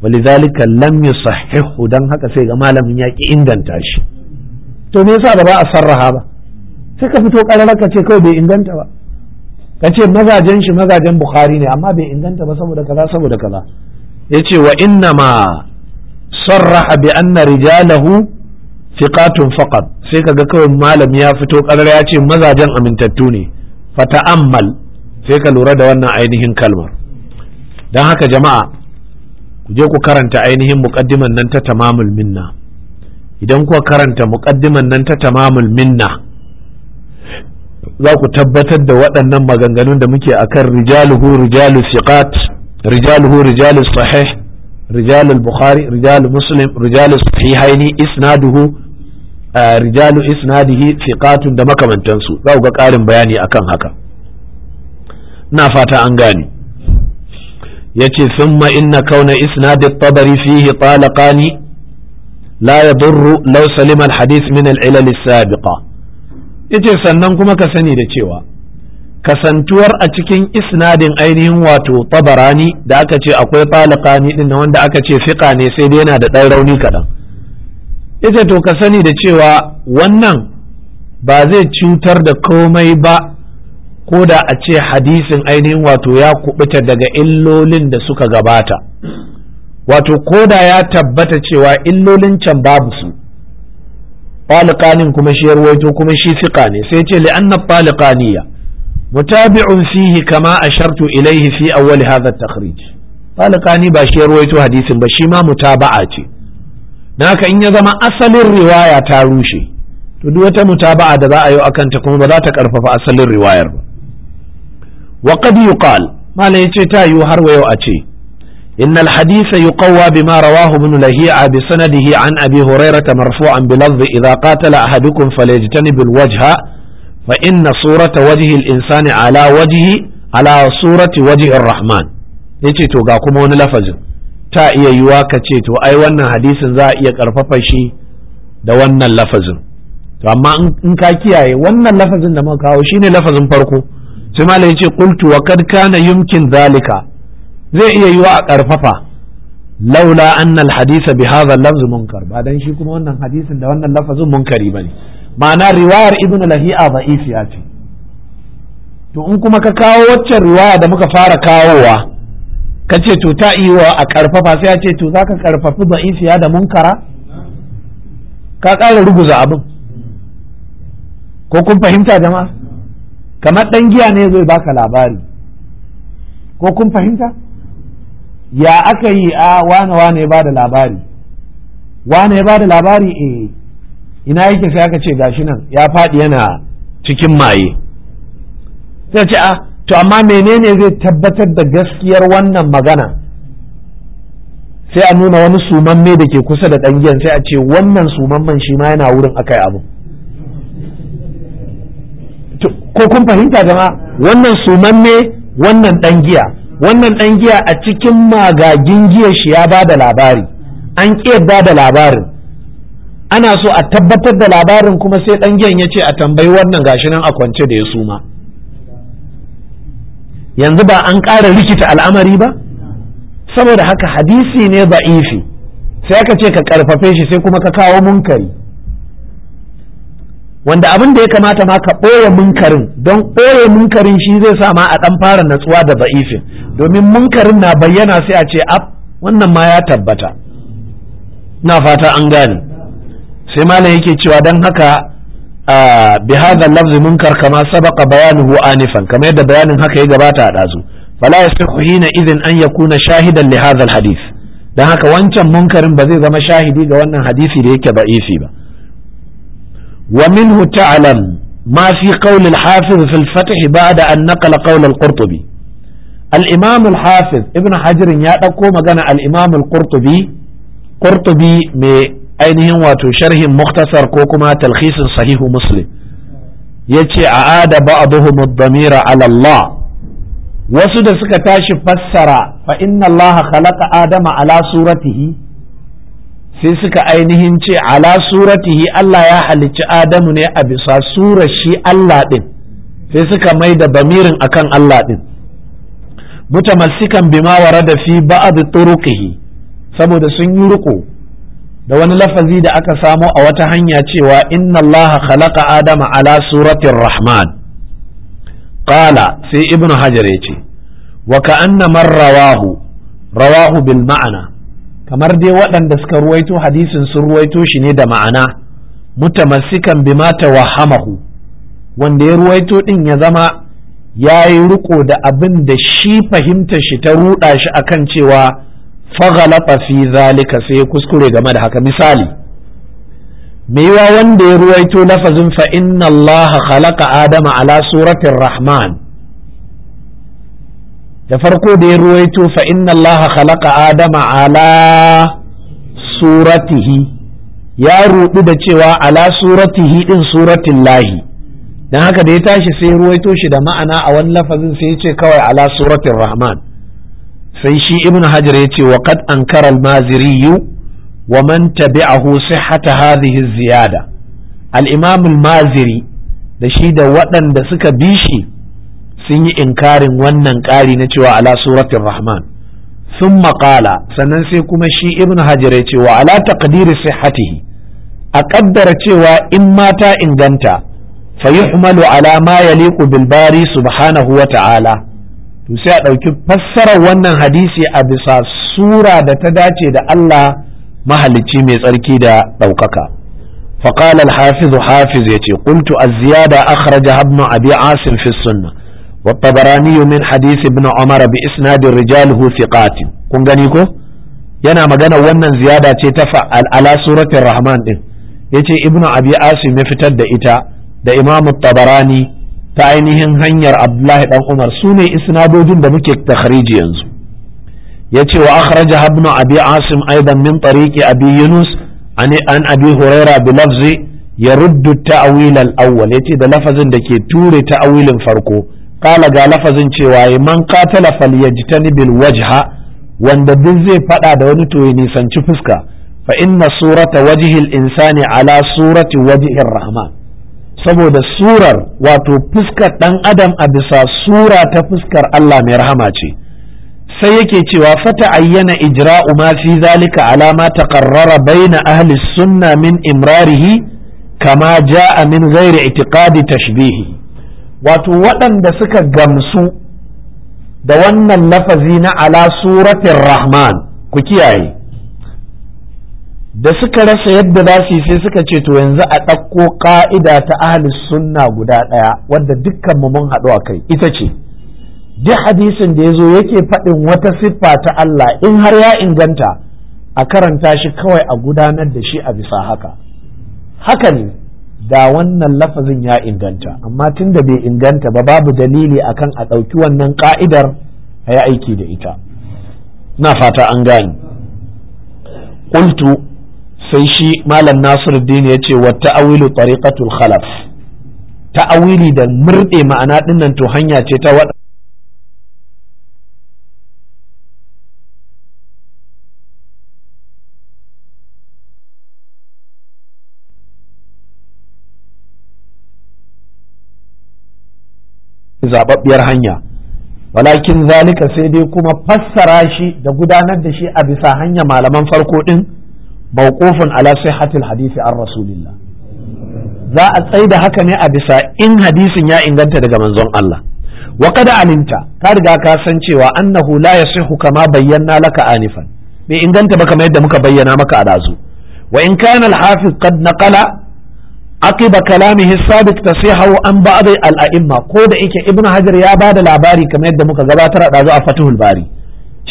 S1: walidhalika lam yusahhihu dan haka sai ga malamin ya ki inganta shi to me yasa ba ba a sarraha ba sai ka fito ƙarar ka ce kawai bai inganta ba ka ce mazajen shi mazajen bukhari ne amma bai inganta ba saboda kaza saboda kaza ya ce wa inna ma sarraha bi anna rijalahu fiqatun faqat sai kaga kawai malam ya fito karar ya ce mazajen amintattu ne ta'ammal sai ka lura da wannan ainihin kalmar don haka jama'a ku je ku karanta ainihin muqaddiman nan ta tamamul minna idan kuwa karanta muƙaddiman nan ta tamamul minna za ku tabbatar da waɗannan maganganun da muke akan rijaluhu rijalu siqat rijaluhu rijalu sahih rijalu bukhari rijalu muslim rijalu sahihaini isnaduhu rijalu isnadihi siqatun da makamantansu za ku ga ƙarin bayani akan haka na fata an gane yace summa inna kauna isnadi tabari fihi talaqani la yadurru law salima al-hadith min al-ilal as-sabiqa yace sannan kuma ka sani da cewa kasantuwar a cikin isnadin ainihin wato tabarani da aka ce akwai talaqani din wanda aka ce fiqa ne sai dai yana da ɗan rauni kaɗan yace to ka sani da cewa wannan ba zai cutar da komai ba ko da a ce hadisin ainihin wato ya kubuta daga illolin da suka gabata wato koda ya tabbata cewa illolin can babu su taliqanin kuma shi yarwaito kuma shi siƙa ne sai ce li'anna falikaniya mutabi'un fihi kama ashartu ilayhi fi awwal hadha at-takhrij falikani ba shi yarwaito hadisin ba shi ma mutaba'a ce naka in ya zama asalin riwaya ta rushe to duk wata mutaba'a da za a yi akan ta kuma ba za ta karfafa asalin riwayar ba wa qad yuqal malai yace ta yi har wa yau a ce إن الحديث يقوى بما رواه ابن لهيعة بسنده عن أبي هريرة مرفوعا بلفظ إذا قاتل أحدكم فليجتنب الوجه فإن صورة وجه الإنسان على ala على صورة وجه الرحمن yace to ga kuma wani lafazin ta iya yiwa ka ce to ai wannan hadisin za a iya karfafa shi da wannan lafazin to amma in ka kiyaye wannan lafazin da muka kawo shine lafazin farko sai yace qultu wa kad kana yumkin zalika zai iya yiwa a ƙarfafa laula annal hadisa bi hadha lafzu munkar ba dan shi kuma wannan hadisin da wannan lafazin munkari bane ma'ana riwayar ibnu lahi'a da'ifiya ce to in kuma ka kawo waccan riwaya da muka fara kawowa ka ce to ta iya a ƙarfafa sai ya ce to zaka ƙarfafi da'ifiya da munkara ka ƙara ruguza abin ko kun fahimta jama'a kamar ɗan giya ne zai baka labari ko kun fahimta ya aka yi a wane wane ya bada labari wane ya bada labari eh ina yake sai aka ce gashi nan ya faɗi yana cikin maye sai ce a ah, to amma menene zai tabbatar da gaskiyar wannan magana sai a nuna wani sumamme da ke kusa da ɗangiyan sai a ce wannan sumamman shi ma yana wurin akai abu ko kun fahimta jama'a wannan sumamme wannan ɗangiya wannan ɗan giya a cikin magagin giyar shi ya ba da labari an ƙi ba da labarin ana so a tabbatar da labarin kuma sai ɗan giyan ya ce a tambayi wannan gashi nan a kwance da ya suma yanzu ba an ƙara rikita al'amari ba saboda haka hadisi ne ba'ifi sai aka ce ka ƙarfafe shi sai kuma ka kawo munkari wanda abin da ya kamata ma ka ɓoye munkarin don ɓoye munkarin shi zai sa ma a ɗan fara natsuwa da ba'ifin domin munkarin na bayyana sai a ce ab wannan ma ya tabbata na fata an gane sai malam yake cewa don haka bi hadha lafzi munkar kama sabaka bayanuhu anifan kamar yadda bayanin haka ya gabata a ɗazu fala yasihu hina idin an kuna shahidan li hadha hadith dan haka wancan munkarin ba zai zama shahidi ga wannan hadisi da yake ba'ifi ba ومنه تعلم ما في قول الحافظ في الفتح بعد أن نقل قول القرطبي الإمام الحافظ ابن حجر يأتكو مغانا الإمام القرطبي قرطبي من أينهم وتشره مختصر كوكما تلخيص صحيح مسلم يتي أعاد بعضهم الضمير على الله wasu da suka tashi fassara fa inna Allah khalaqa Adama ala suratihi sai suka ainihin ce ala suratihi Allah ya halicci Adamu ne a bisa surar shi Allah ɗin sai suka mai da bamirin akan Allah ɗin mutamassikan bima warada fi ba'd turuqihi saboda sun yi ruku da wani lafazi da aka samo a wata hanya cewa inna Allah khalaqa Adama ala suratir Rahman qala sai ibnu hajar ya ce wa ka'anna rawahu rawahu bil ma'ana kamar dai waɗanda suka ruwaito hadisin sun ruwaito shi ne da ma'ana mutamassikan wa wahamahu wanda ya ruwaito ɗin ya zama ya yi riko da abin da shi fahimtar shi ta ruɗa shi akan cewa faghalata fi zalika sai kuskure game da haka misali me wanda ya ruwaito lafazin fa inna allaha khalaqa adama ala suratin rahman da farko da ya ruwaito fa inna allaha khalaqa adama ala suratihi ya rudu da cewa ala suratihi din suratin lahi dan haka da ya tashi sai ruwaito shi da ma'ana a wani lafazin sai ya ce kawai ala suratin rahman sai shi ibn hajar ya ce wa qad ankara al-maziri wa man tabi'ahu sihhata hadhihi ziyada al-imam al-maziri da shi da waɗanda suka bi shi sun yi inkarin wannan ƙari na cewa ala suratin rahman sun maƙala sannan sai kuma shi ibn hajar ya ce wa ala taqdiri sihhatihi a ƙaddara cewa in mata inganta fa yuhmalu ala ma yaliqu bil bari subhanahu wa ta'ala to sai a ɗauki fassarar wannan hadisi a bisa sura da ta dace da Allah mahalicci mai tsarki da ɗaukaka فقال الحافظ حافظ يتي قلت الزيادة أخرجها ابن أبي عاصم في السنة والطبراني hadisi حديث ابن عمر بإسناد رجاله ثقات kun gani ko yana magana wannan ziyara ce ta fa'al ala suratul rahman din yace ibnu abi asim ya fitar da ita da imam tabarani ta ainihin hanyar abdullahi dan umar sune isnadodin da muke takhriji yanzu yace wa akhraja ibn abi asim aidan min tariqi abi yunus an an abi huraira bi lafzi yaruddu ta'wil al-awwal yace da lafazin da ke ture ta'awilin farko Ƙala ga lafazin cewa yi man katala falyajtani bil wanda duk zai fada da wani to ya nisanci fuska fa inna surata wajhil insani ala surati wajhir rahman saboda surar wato fuskar dan adam a bisa sura ta fuskar Allah mai rahama ce sai yake cewa fata ayyana ijra'u ma fi zalika ala ma taqarrara baina ahli sunna min imrarihi kama ja'a min ghairi i'tiqadi tashbihi wato waɗanda suka gamsu da wannan lafazi na ala suratin rahman ku kiyaye da suka rasa yadda za su yi sai suka ce to yanzu a ɗauko ƙa'ida ta ahli sunna guda ɗaya wadda dukkanmu mun haɗu a kai ita ce duk hadisin da ya zo yake faɗin wata siffa ta Allah in har ya inganta a karanta shi kawai a gudanar da shi a bisa haka haka ne da wannan lafazin ya inganta amma tun da bai inganta ba babu dalili akan a ɗauki wannan ƙa'idar. a yi aiki da ita na fata an gani ƙultu sai shi malam Nasiru nasiruddin ya ce wa ta'awilu tariqatul khalaf ta'awili da murɗe ma'ana ɗinnan to hanya ce ta waɗanda zababbiyar hanya walakin zalika sai dai kuma fassara shi da gudanar da shi a bisa hanya malaman farko din mawqufun ala sihhatil hadisi an rasulillah za a tsaida haka ne a bisa in hadisin ya inganta daga manzon Allah wa kada alimta ka riga ka san cewa annahu la yasihu kama bayyana laka anifan bai inganta ba kamar yadda muka bayyana maka a dazu wa in kana al-hafiz qad naqala aqiba kalamihi sabit tasihahu an ba'd al-a'imma ko da yake ibn hajar ya ba da labari kamar yadda muka gabatar a dazu a fatuhul bari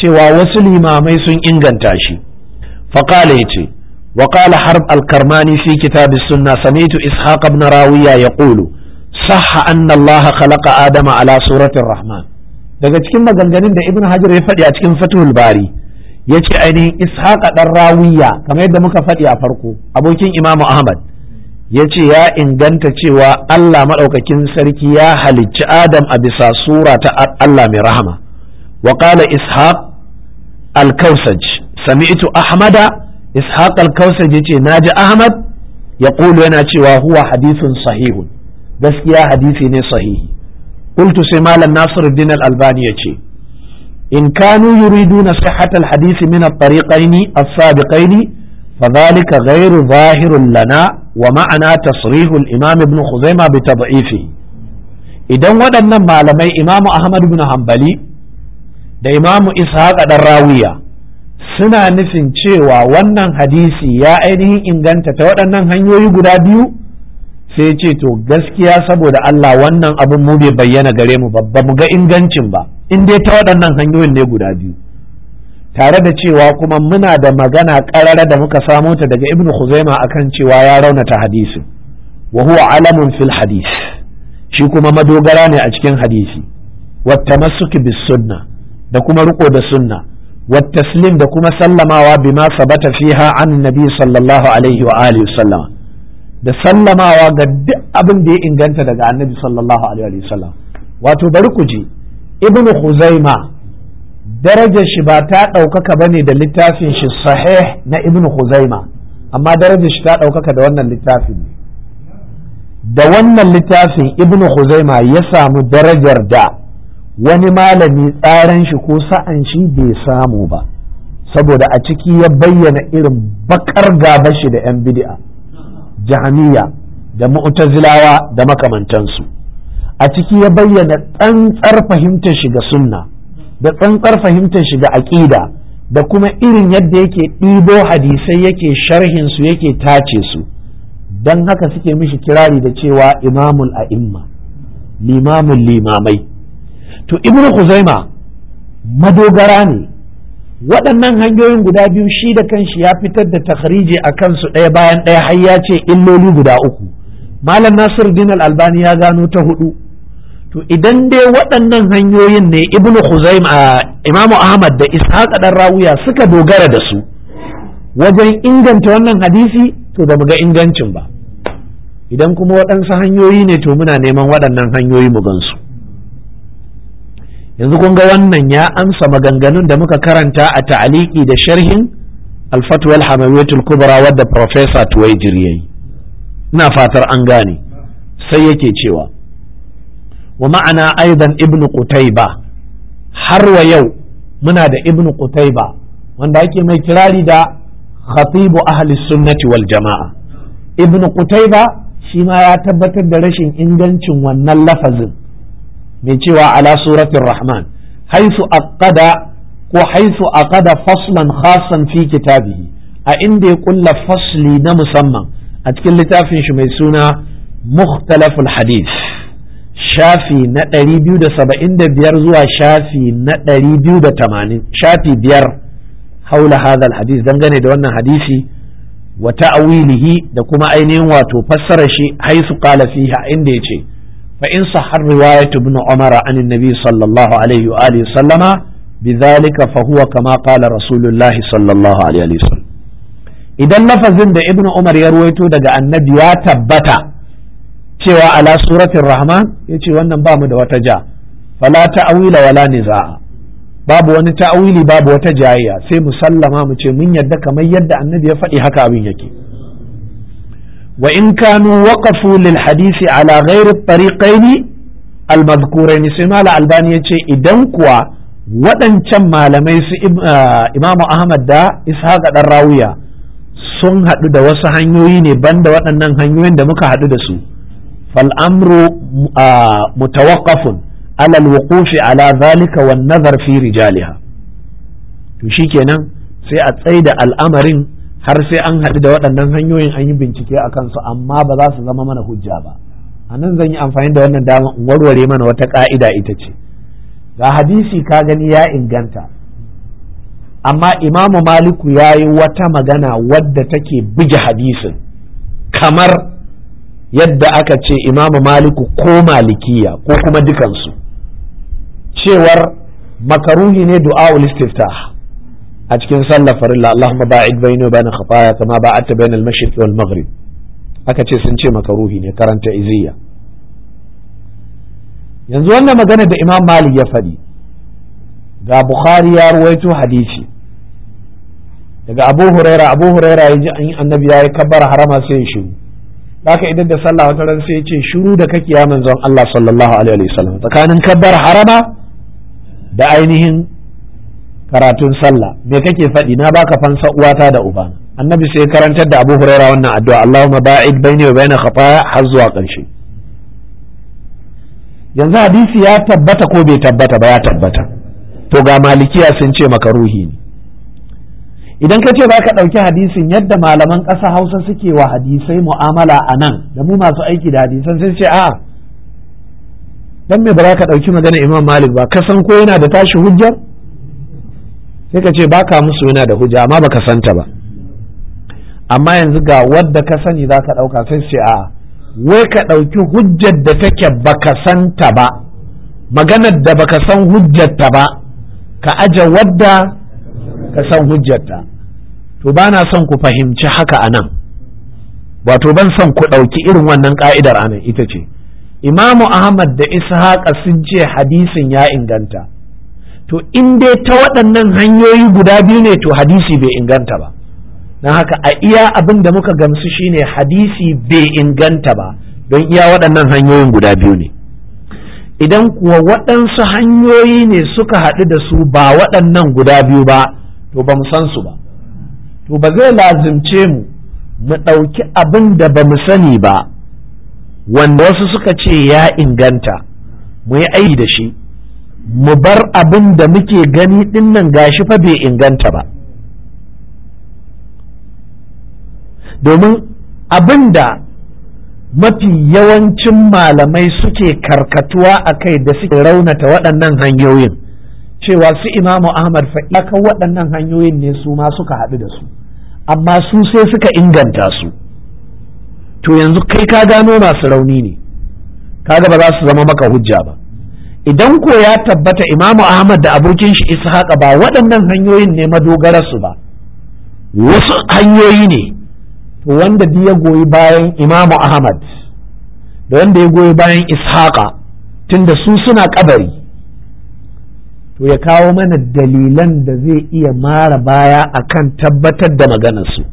S1: cewa wasu limamai sun inganta shi faqala yace wa harb Alkarmani sai fi kitab sami'tu ishaq ibn rawiya yaqulu sahha annallaha allah adama ala surati rahman daga cikin maganganun da ibn hajar ya faɗi a cikin fatuhul bari yace ainihin ishaq ɗan rawiya kamar yadda muka faɗi a farko abokin imamu ahmad ya ce ya inganta cewa Allah maɗaukakin sarki ya halicci Adam a bisa sura ta Allah mai rahama wa ishaq al-kausaj sami'tu ahmada ishaq al-kausaj yace naji ahmad ya kulu yana cewa huwa hadithun sahihun gaskiya hadisi ne sahihi kultu sai malam nasiruddin al-albani yace in kanu yuriduna sihhat al-hadisi min at-tariqaini as-sabiqaini فذلك غير ظاهر wa ma'ana tasrihul imam ibn khuzaima bi tad'ifi idan waɗannan malamai imam ahmad ibn hambali da imam ishaq ɗan rawiya suna nufin cewa wannan hadisi ya ainihin inganta ta waɗannan hanyoyi guda biyu sai ce to gaskiya saboda Allah wannan abin mu bai bayyana gare mu ba mu ga ingancin ba in dai ta waɗannan hanyoyin ne guda biyu tare da cewa kuma muna da magana karara da muka samo ta daga ibnu khuzaima akan cewa ya raunata hadisin wa huwa alamun fil hadis shi kuma madogara ne a cikin hadisi wa tamassuki bis sunna da kuma riko da sunna wa taslim da kuma sallamawa bima sabata fiha an nabi sallallahu alaihi wa alihi da sallamawa ga duk abin da ya inganta daga annabi sallallahu alaihi wa sallam wato bari ku je ibnu khuzaima darajar shi ba ta ɗaukaka ba ne da littafin shi sahih na ibn Khuzaima amma darajar shi ta ɗaukaka da wannan littafin ne da wannan littafin ibn Khuzaima ya samu darajar da wani malami tsaran shi ko sa'an shi bai samu ba saboda a ciki ya bayyana irin bakar gaba shi da 'yan bid'a jahamiya da mu'tazilawa da makamantansu a ciki ya bayyana tsantsar fahimtar shi ga sunna da tsantsar fahimtar shi da aƙida da kuma irin yadda yake ɗibo hadisai yake sharhin su yake tace su don haka suke mishi kirari da cewa imamul a'imma Limamul limamai to ibn Khuzaima madogara ne waɗannan hanyoyin guda biyu shi da kanshi ya fitar da takhriji a kansu ɗaya bayan ɗaya har ya ce illoli guda uku malam Nasiru, din al-albani ya gano ta hudu to idan dai waɗannan hanyoyin ne ibn Khuzaim a Imam Ahmad da Ishaq dan Rawiya suka dogara da su wajen inganta wannan hadisi to da ga ingancin ba idan kuma waɗansu hanyoyi ne to muna neman waɗannan hanyoyi mu gansu yanzu kun ga wannan ya amsa maganganun da muka karanta a ta'aliki da sharhin al-fatwa hamawiyatul kubra wadda professor Tuwaijir yayi ina fatar an gane sai yake cewa wa ma'ana aidan ibnu kutaiba har wa yau muna da ibn qutayba wanda ake mai kirari da khatibu ahli sunnati wal jama'a ibn qutayba shi ma ya tabbatar da rashin ingancin wannan lafazin mai cewa ala suratul rahman haisu aqada ko haisu aqada faslan khasan fi kitabihi a inda ya kulla fasli na musamman a cikin littafin shi mai suna mukhtalaful hadith shafi na ɗari biyu da saba'in da biyar zuwa shafi na ɗari biyu da tamanin shafi biyar haula hadal hadis dangane da wannan hadisi wa ta'awilihi da kuma ainihin wato fassarar shi haisu qala fiha inda yace fa in sahar riwayat ibn umar an annabi sallallahu alaihi wa alihi sallama bidhalika fa huwa kama qala rasulullah sallallahu alaihi wa sallam idan lafazin da ibn umar ya ruwaito daga annabi ya tabbata cewa ala suratin rahman ya ce wannan ba mu da wata ja Fala ta'awila wala niza'a babu wani ta'awili babu wata jayayya sai mu sallama mu ce mun yadda kamar yadda annabi ya faɗi haka abin yake wa in kanu waqafu lil hadisi ala ghairi tariqaini al sai mala albani yace idan kuwa waɗancan malamai su ah, imamu ahmad da ishaq dan rawiya sun haɗu da wasu hanyoyi ne banda waɗannan hanyoyin da muka haɗu da su فالأمر متوقف على الوقوف على ذلك والنظر في رجالها shikenan sai a tsaida al'amarin har sai an haɗu da waɗannan hanyoyin an yi bincike a kansu amma ba za su zama mana hujja ba a nan zan yi amfani da wannan dama in warware mana wata ƙa'ida ita ce ga hadisi ka gani ya inganta amma imamu maliku ya yi wata magana wadda take buge hadisin kamar yadda aka ce imamu maliku ko malikiya ko kuma dukansu cewar makaruhi ne du'a'ul istiftah a cikin sallar farilla Allahumma ba'id bayni wa bayna khataaya kama ba'adta bayna al-mashriq wal maghrib aka ce sun ce makaruhi ne karanta iziya yanzu wannan magana da Imam Malik ya faɗi ga Bukhari ya ruwaito hadisi daga Abu Huraira Abu Huraira ya ji annabi ya yi kabbar harama sai ya shiru haka idan da sallah wata ran sai ce shiru da kake ya manzon Allah sallallahu alaihi wasallam tsakanin kabbar harama da ainihin karatun sallah me kake faɗi na baka fansa uwata da ubana annabi sai karantar da Abu Huraira wannan addu'a Allahumma ba'id baini wa baina khataaya har zuwa ƙarshe yanzu hadisi ya tabbata ko bai tabbata ba ya tabbata to ga malikiya sun ce maka ruhi ne idan ka ce ba ka ɗauki hadisin yadda malaman ƙasa hausa suke wa hadisai mu'amala a nan da mu masu aiki da hadisan sai ce a dan me ba ka ɗauki magana imam malik ba ka san ko yana da tashi hujjar sai ka ce ba ka musu yana da hujja amma ba ka santa ba amma yanzu ga wadda ka sani za ka ɗauka sai ce a wai ka ɗauki hujjar da take ba ka santa ba maganar da baka san hujjar ta ba ka aje wadda ka san hujjarta to ba na son ku fahimci haka a nan wato ban son ku ɗauki irin wannan ka'idar a nan ita ce imamu ahmad da ishaqa sun ce hadisin ya inganta to in dai ta waɗannan hanyoyi guda biyu ne to hadisi bai inganta ba na haka a iya abin da muka gamsu shine hadisi bai inganta ba don iya waɗannan hanyoyin guda biyu ne idan kuwa waɗansu hanyoyi ne suka haɗu da su ba waɗannan guda biyu ba to ba mu san su ba to ba zai lazimce mu mu ɗauki abin da ba mu sani ba wanda wasu suka ce ya inganta mu yi aiki da shi mu bar abin da muke gani dinnan gashi fa bai inganta ba domin abin da mafi yawancin malamai suke karkatuwa a kai da suke raunata waɗannan hanyoyin cewa su imamu ahmad faɗaka waɗannan hanyoyin ne su ma suka haɗu da su amma su sai suka inganta su to yanzu kai ka gano masu rauni ne kaga ba za su zama maka hujja ba idan ko ya tabbata imamu ahmad da abokin shi ishaqa ba waɗannan hanyoyin ne madogararsu ba wasu hanyoyi ne to wanda ya goyi bayan imamu ahmad da wanda ya goyi bayan ishaqa tunda su suna kabari to ya kawo mana dalilan da zai iya mara baya akan tabbatar da maganarsu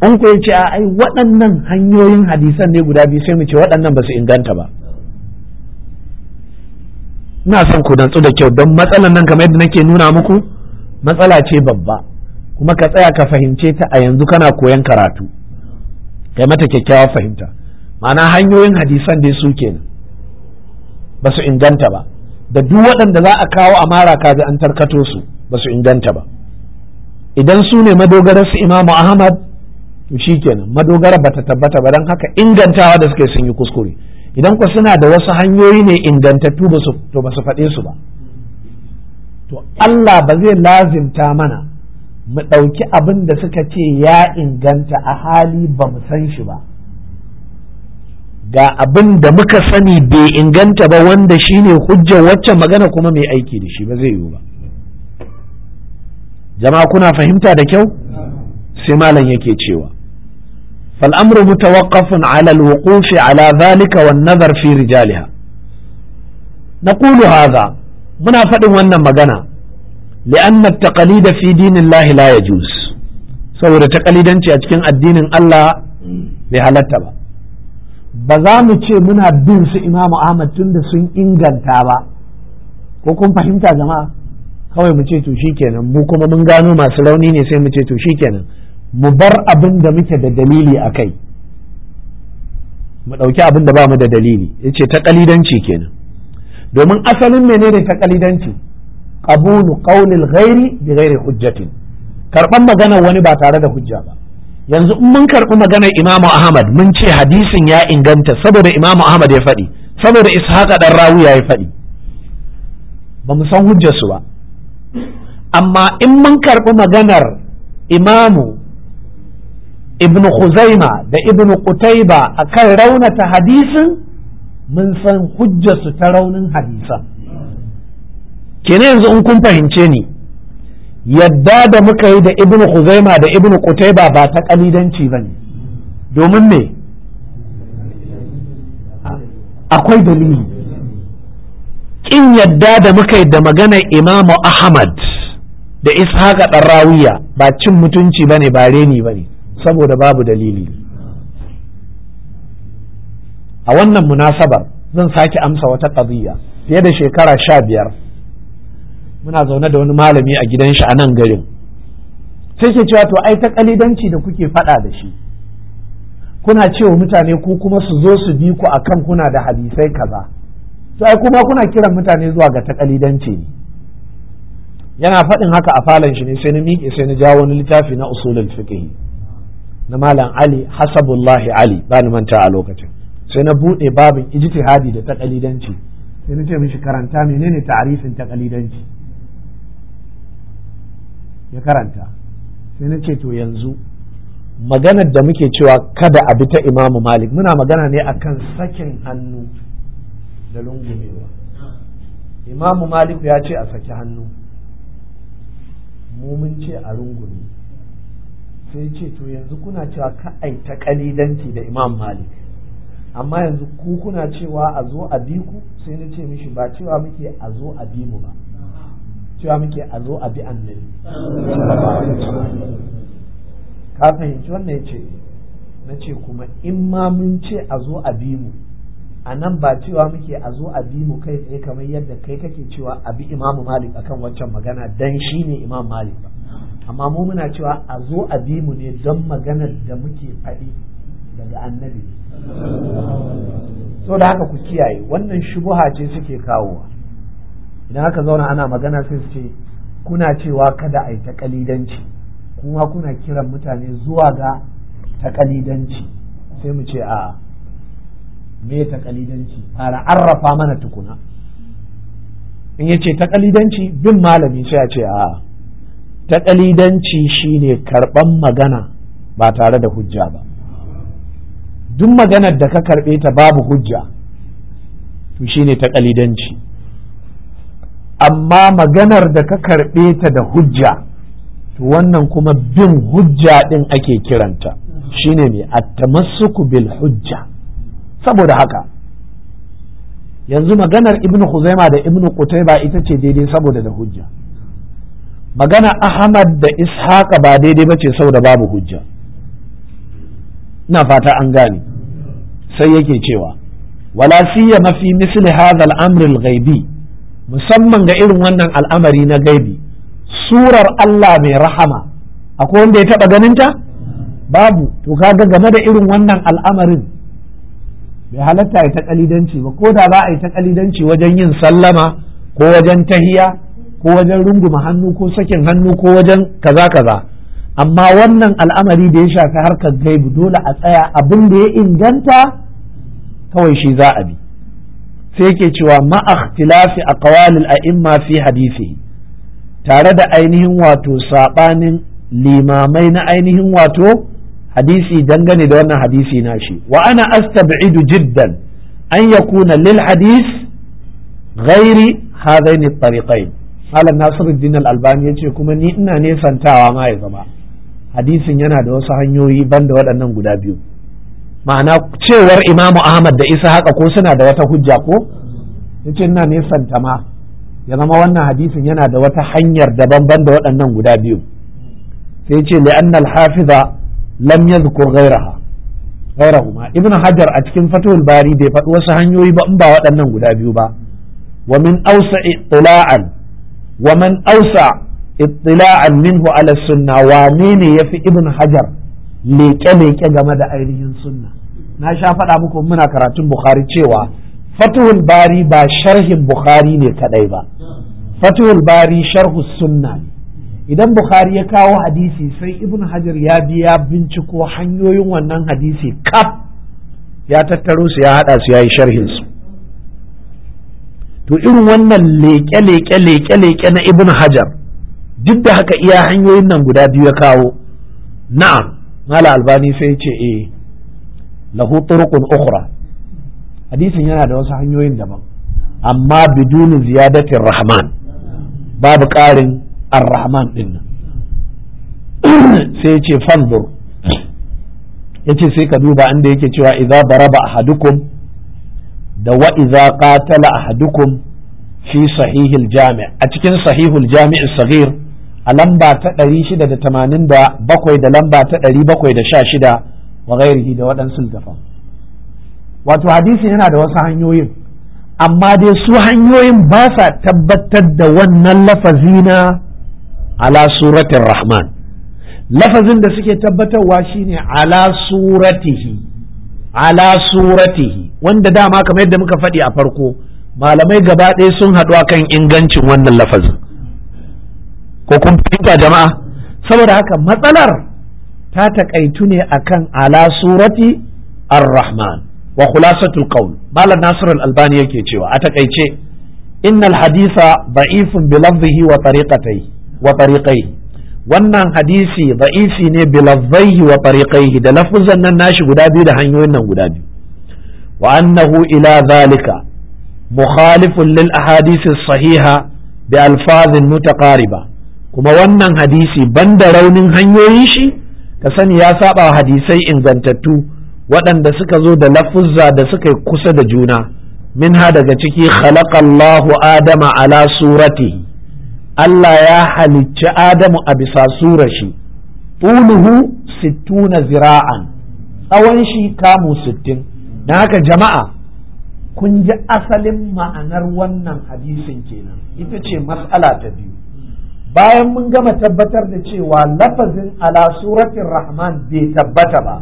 S1: an ko ce a ai waɗannan hanyoyin hadisan ne guda biyu sai mu ce waɗannan ba su inganta ba ina son ku dantsu da kyau don matsalan nan kamar yadda nake nuna muku matsala ce babba kuma ka tsaya ka fahimce ta a yanzu kana koyan karatu kai mata kyakkyawar fahimta ma'ana hanyoyin hadisan dai su kenan ba su inganta ba da duk waɗanda za a kawo a mara kaji an tarkato su ba su inganta ba idan su ne madogarar su imamu ahmad to kenan madogara ba ta tabbata ba don haka ingantawa da suke sun yi kuskure idan ku suna da wasu hanyoyi ne ingantattu to ba su faɗe su ba to Allah ba zai lazimta mana mu ɗauki abin da suka ce ya inganta a hali ba mu san shi ba ga abin da muka sani bai inganta ba wanda shine hujjar waccan magana kuma mai aiki da shi ba zai yiwu ba jama'a kuna fahimta da kyau sai malam yake cewa فالأمر متوقف على الوقوف على ذلك والنظر في رجالها نقول هذا muna faɗin wannan magana li'anna taqalida fi dinillahi la yajuz saboda taqalidanci a cikin addinin Allah bai halatta ba ba za mu ce muna bin su imamu ahmad tun da sun inganta ba ko kun fahimta jama'a kawai mu ce to kenan mu kuma mun gano masu rauni ne sai mu ce to kenan mu bar abin da muke da dalili a kai mu ɗauki abin da ba mu da dalili ya ce ta ƙalidanci kenan domin asalin ne ta ƙalidanci ƙabulu qawlil gairi bi gairi hujjatin Karɓar maganar wani ba tare da hujja ba yanzu in mun karɓi maganar imamu ahmad mun ce hadisin ya inganta saboda imamu ahmad ya faɗi saboda ishaqa dan rawi ya faɗi ba mu san hujjarsu ba amma in mun karɓi maganar imamu ibnu Khuzaima da ibnu Qutaiba akan raunata hadisin mun san hujjarsu ta raunin hadisan kenan yanzu in kun fahimce ni yadda da muka yi da ibn Khuzaima da ibn Qutayba ba ta kalidanci bane domin me akwai dalili kin yadda da muka yi da maganar Imam Ahmad da Ishaqa rawiya ba cin mutunci bane ba reni bane saboda babu dalili a wannan munasabar zan sake amsa wata qadiya fiye da shekara sha biyar muna zaune da wani malami a gidan shi a nan garin sai ke cewa to ai ta kalidanci da kuke faɗa da shi kuna cewa mutane ku kuma su zo su bi ku akan kuna da hadisai kaza to ai kuma kuna kiran mutane zuwa ga ta kalidanci ne yana faɗin haka a falon shi ne sai na miƙe sai na jawo wani littafi na usulul fiqh na malam Ali Hasabullahi Ali ba ni manta a lokacin sai na buɗe babin ijtihadi da ta kalidanci sai na ce mishi karanta menene ta'arifin kalidanci ya karanta sai na ce to yanzu maganar da muke cewa kada a bi ta imamu malik muna magana ne akan sakin hannu da lungumewa imamu malik ya ce a saki hannu mu mun ce a rungume sai ce to yanzu kuna cewa ka aita kalidanci da imam malik amma yanzu ku kuna cewa a zo a bi ku sai na ce mishi ba cewa muke a zo a bi mu ba cewa muke a zo a bi annabi ka fahimci wannan ya ce na ce kuma in ma mun ce a zo a bi mu a nan ba cewa muke a zo a bi mu kai tsaye kamar yadda kai kake cewa a bi imamu malik akan waccan magana dan shi ne imam malik ba amma mu muna cewa a zo a bi mu ne don maganar da muke faɗi daga annabi so da haka ku kiyaye wannan shubuha ce suke kawowa idan aka zauna ana magana sai su ce kuna cewa kada a yi ta kuma kuna kiran mutane zuwa ga ta kalidanci sai mu ce a me ta fara arrafa mana tukuna in yace ta kalidanci bin malami sai a ce a ta kalidanci shine karban magana ba tare da hujja ba duk maganar da ka karbe ta babu hujja to shine ta kalidanci amma maganar da ka karɓe ta da hujja to wannan kuma bin hujja ɗin ake kiranta shine ne attamassuku bil hujja saboda haka yanzu maganar ibn huzaima da ibn qutayba ita ce daidai saboda da hujja magana ahmad da ishaqa ba daidai bace saboda babu hujja ina fata an gane sai yake cewa wala siya mafi misli hadha al-amr al-ghaibi musamman ga irin wannan al'amari na gaibi surar Allah mai rahama akwai wanda ya taɓa ganinta babu to kaga game da irin wannan al'amarin bai halatta ya ta kalidanci ba ko da za a yi ta kalidanci wajen yin sallama ko wajen tahiya ko wajen runguma hannu ko sakin hannu ko wajen kaza kaza amma wannan al'amari da ya shafi harkar gaibu dole a tsaya abin da ya inganta kawai shi za a bi sai ke cewa a ikhtilafi a imma fi hadisi tare da ainihin wato saɓanin limamai na ainihin wato hadisi dangane da wannan hadisi na shi wa ana astab'idu jiddan an yakuna lil hadis ghairi hadaini tariqain malam nasiruddin al-albani yace kuma ni ina nesantawa ma ya zama hadisin yana da wasu hanyoyi banda waɗannan guda biyu ma'ana cewar imamu ahmad da isa haka ko suna da wata hujja ko yace ina nesanta ma ya zama wannan hadisin yana da wata hanyar daban ban da waɗannan guda biyu sai ce li'anna al-hafiza lam yadhkur ghayraha ghayrahuma ibnu hajar a cikin fatul bari bai faɗi wasu hanyoyi ba in ba waɗannan guda biyu ba wa min awsa ittila'an wa man awsa ittila'an minhu ala sunna wa ne yafi ibnu hajar leke-leke game da ainihin sunna na sha faɗa muku muna karatun bukhari cewa fatuhul bari ba sharhin bukhari ne kadai ba fatuhul bari sharhu sunna idan bukhari ya kawo hadisi sai ibn hajar ya biya binciko hanyoyin wannan hadisi kaf ya tattaro su ya haɗa su yayi yi sharhin su to irin wannan leke-leke leke-leke na ibn hajar duk da haka iya hanyoyin nan guda biyu ya kawo na'am mala albani sai ce eh lahu turuqun ukhra hadisin yana da wasu hanyoyin daban amma biduni ziyadatin rahman babu ƙarin ar-rahman din sai ce fanzur yace sai ka duba inda yake cewa idza baraba ahadukum da wa idza qatala ahadukum fi sahihil jami' a cikin sahihul jami' saghir a lamba ta ɗari shida da tamanin da bakwai da lamba ta ɗari bakwai da sha shida wa gairihi da waɗansu littafan wato hadisin yana da wasu hanyoyin amma dai su hanyoyin ba sa tabbatar da wannan lafazi na ala suratin rahman lafazin da suke tabbatarwa shine ala suratihi ala suratihi wanda dama kamar yadda muka faɗi a farko malamai gaba ɗaya sun haɗu kan ingancin wannan lafazin ko kun fahimta jama'a saboda haka matsalar ta takaitu ne akan ala surati ar-rahman wa khulasatul qawl malam nasir al-albani yake cewa a takaice innal haditha da'ifun bi lafzihi wa tariqatayhi wa wannan hadisi da'ifi ne bi lafzihi wa tariqayhi da lafzan nan nashi guda biyu da hanyoyin nan guda biyu wa annahu ila zalika mukhalifun lil ahadith as-sahiha bi alfazin mutaqariba kuma wannan hadisi banda raunin hanyoyin shi ka sani ya saba hadisai ingantattu waɗanda suka zo da lafuzza da suka yi kusa da juna minha daga ciki khalaqallahu adama ala suratihi Allah ya halicci Adamu a bisa surar shi tuluhu sittuna zira'an tsawon shi kamu sittin don haka jama'a kun ji asalin ma'anar wannan hadisin kenan ita ce matsala ta biyu bayan mun gama tabbatar da cewa lafazin ala suratin rahman bai tabbata ba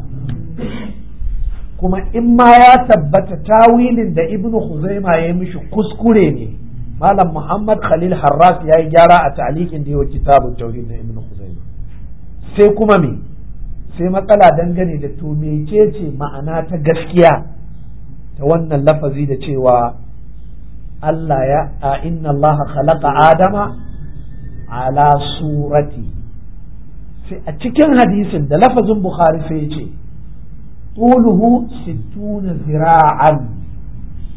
S1: kuma in ma ya tabbata tawilin da ibnu huzaima ya yi mishi kuskure ne malam muhammad khalil harras ya yi gyara a ta'alikin da yawa kitabun tawilin na ibnu huzaima sai kuma me sai matsala dangane da to ce ma'ana ta gaskiya ta wannan lafazi da cewa Allah ya a inna Allah khalaqa adama ala surati sai a cikin hadisin da lafazin bukhari sai ce tuluhu sittuna zira'an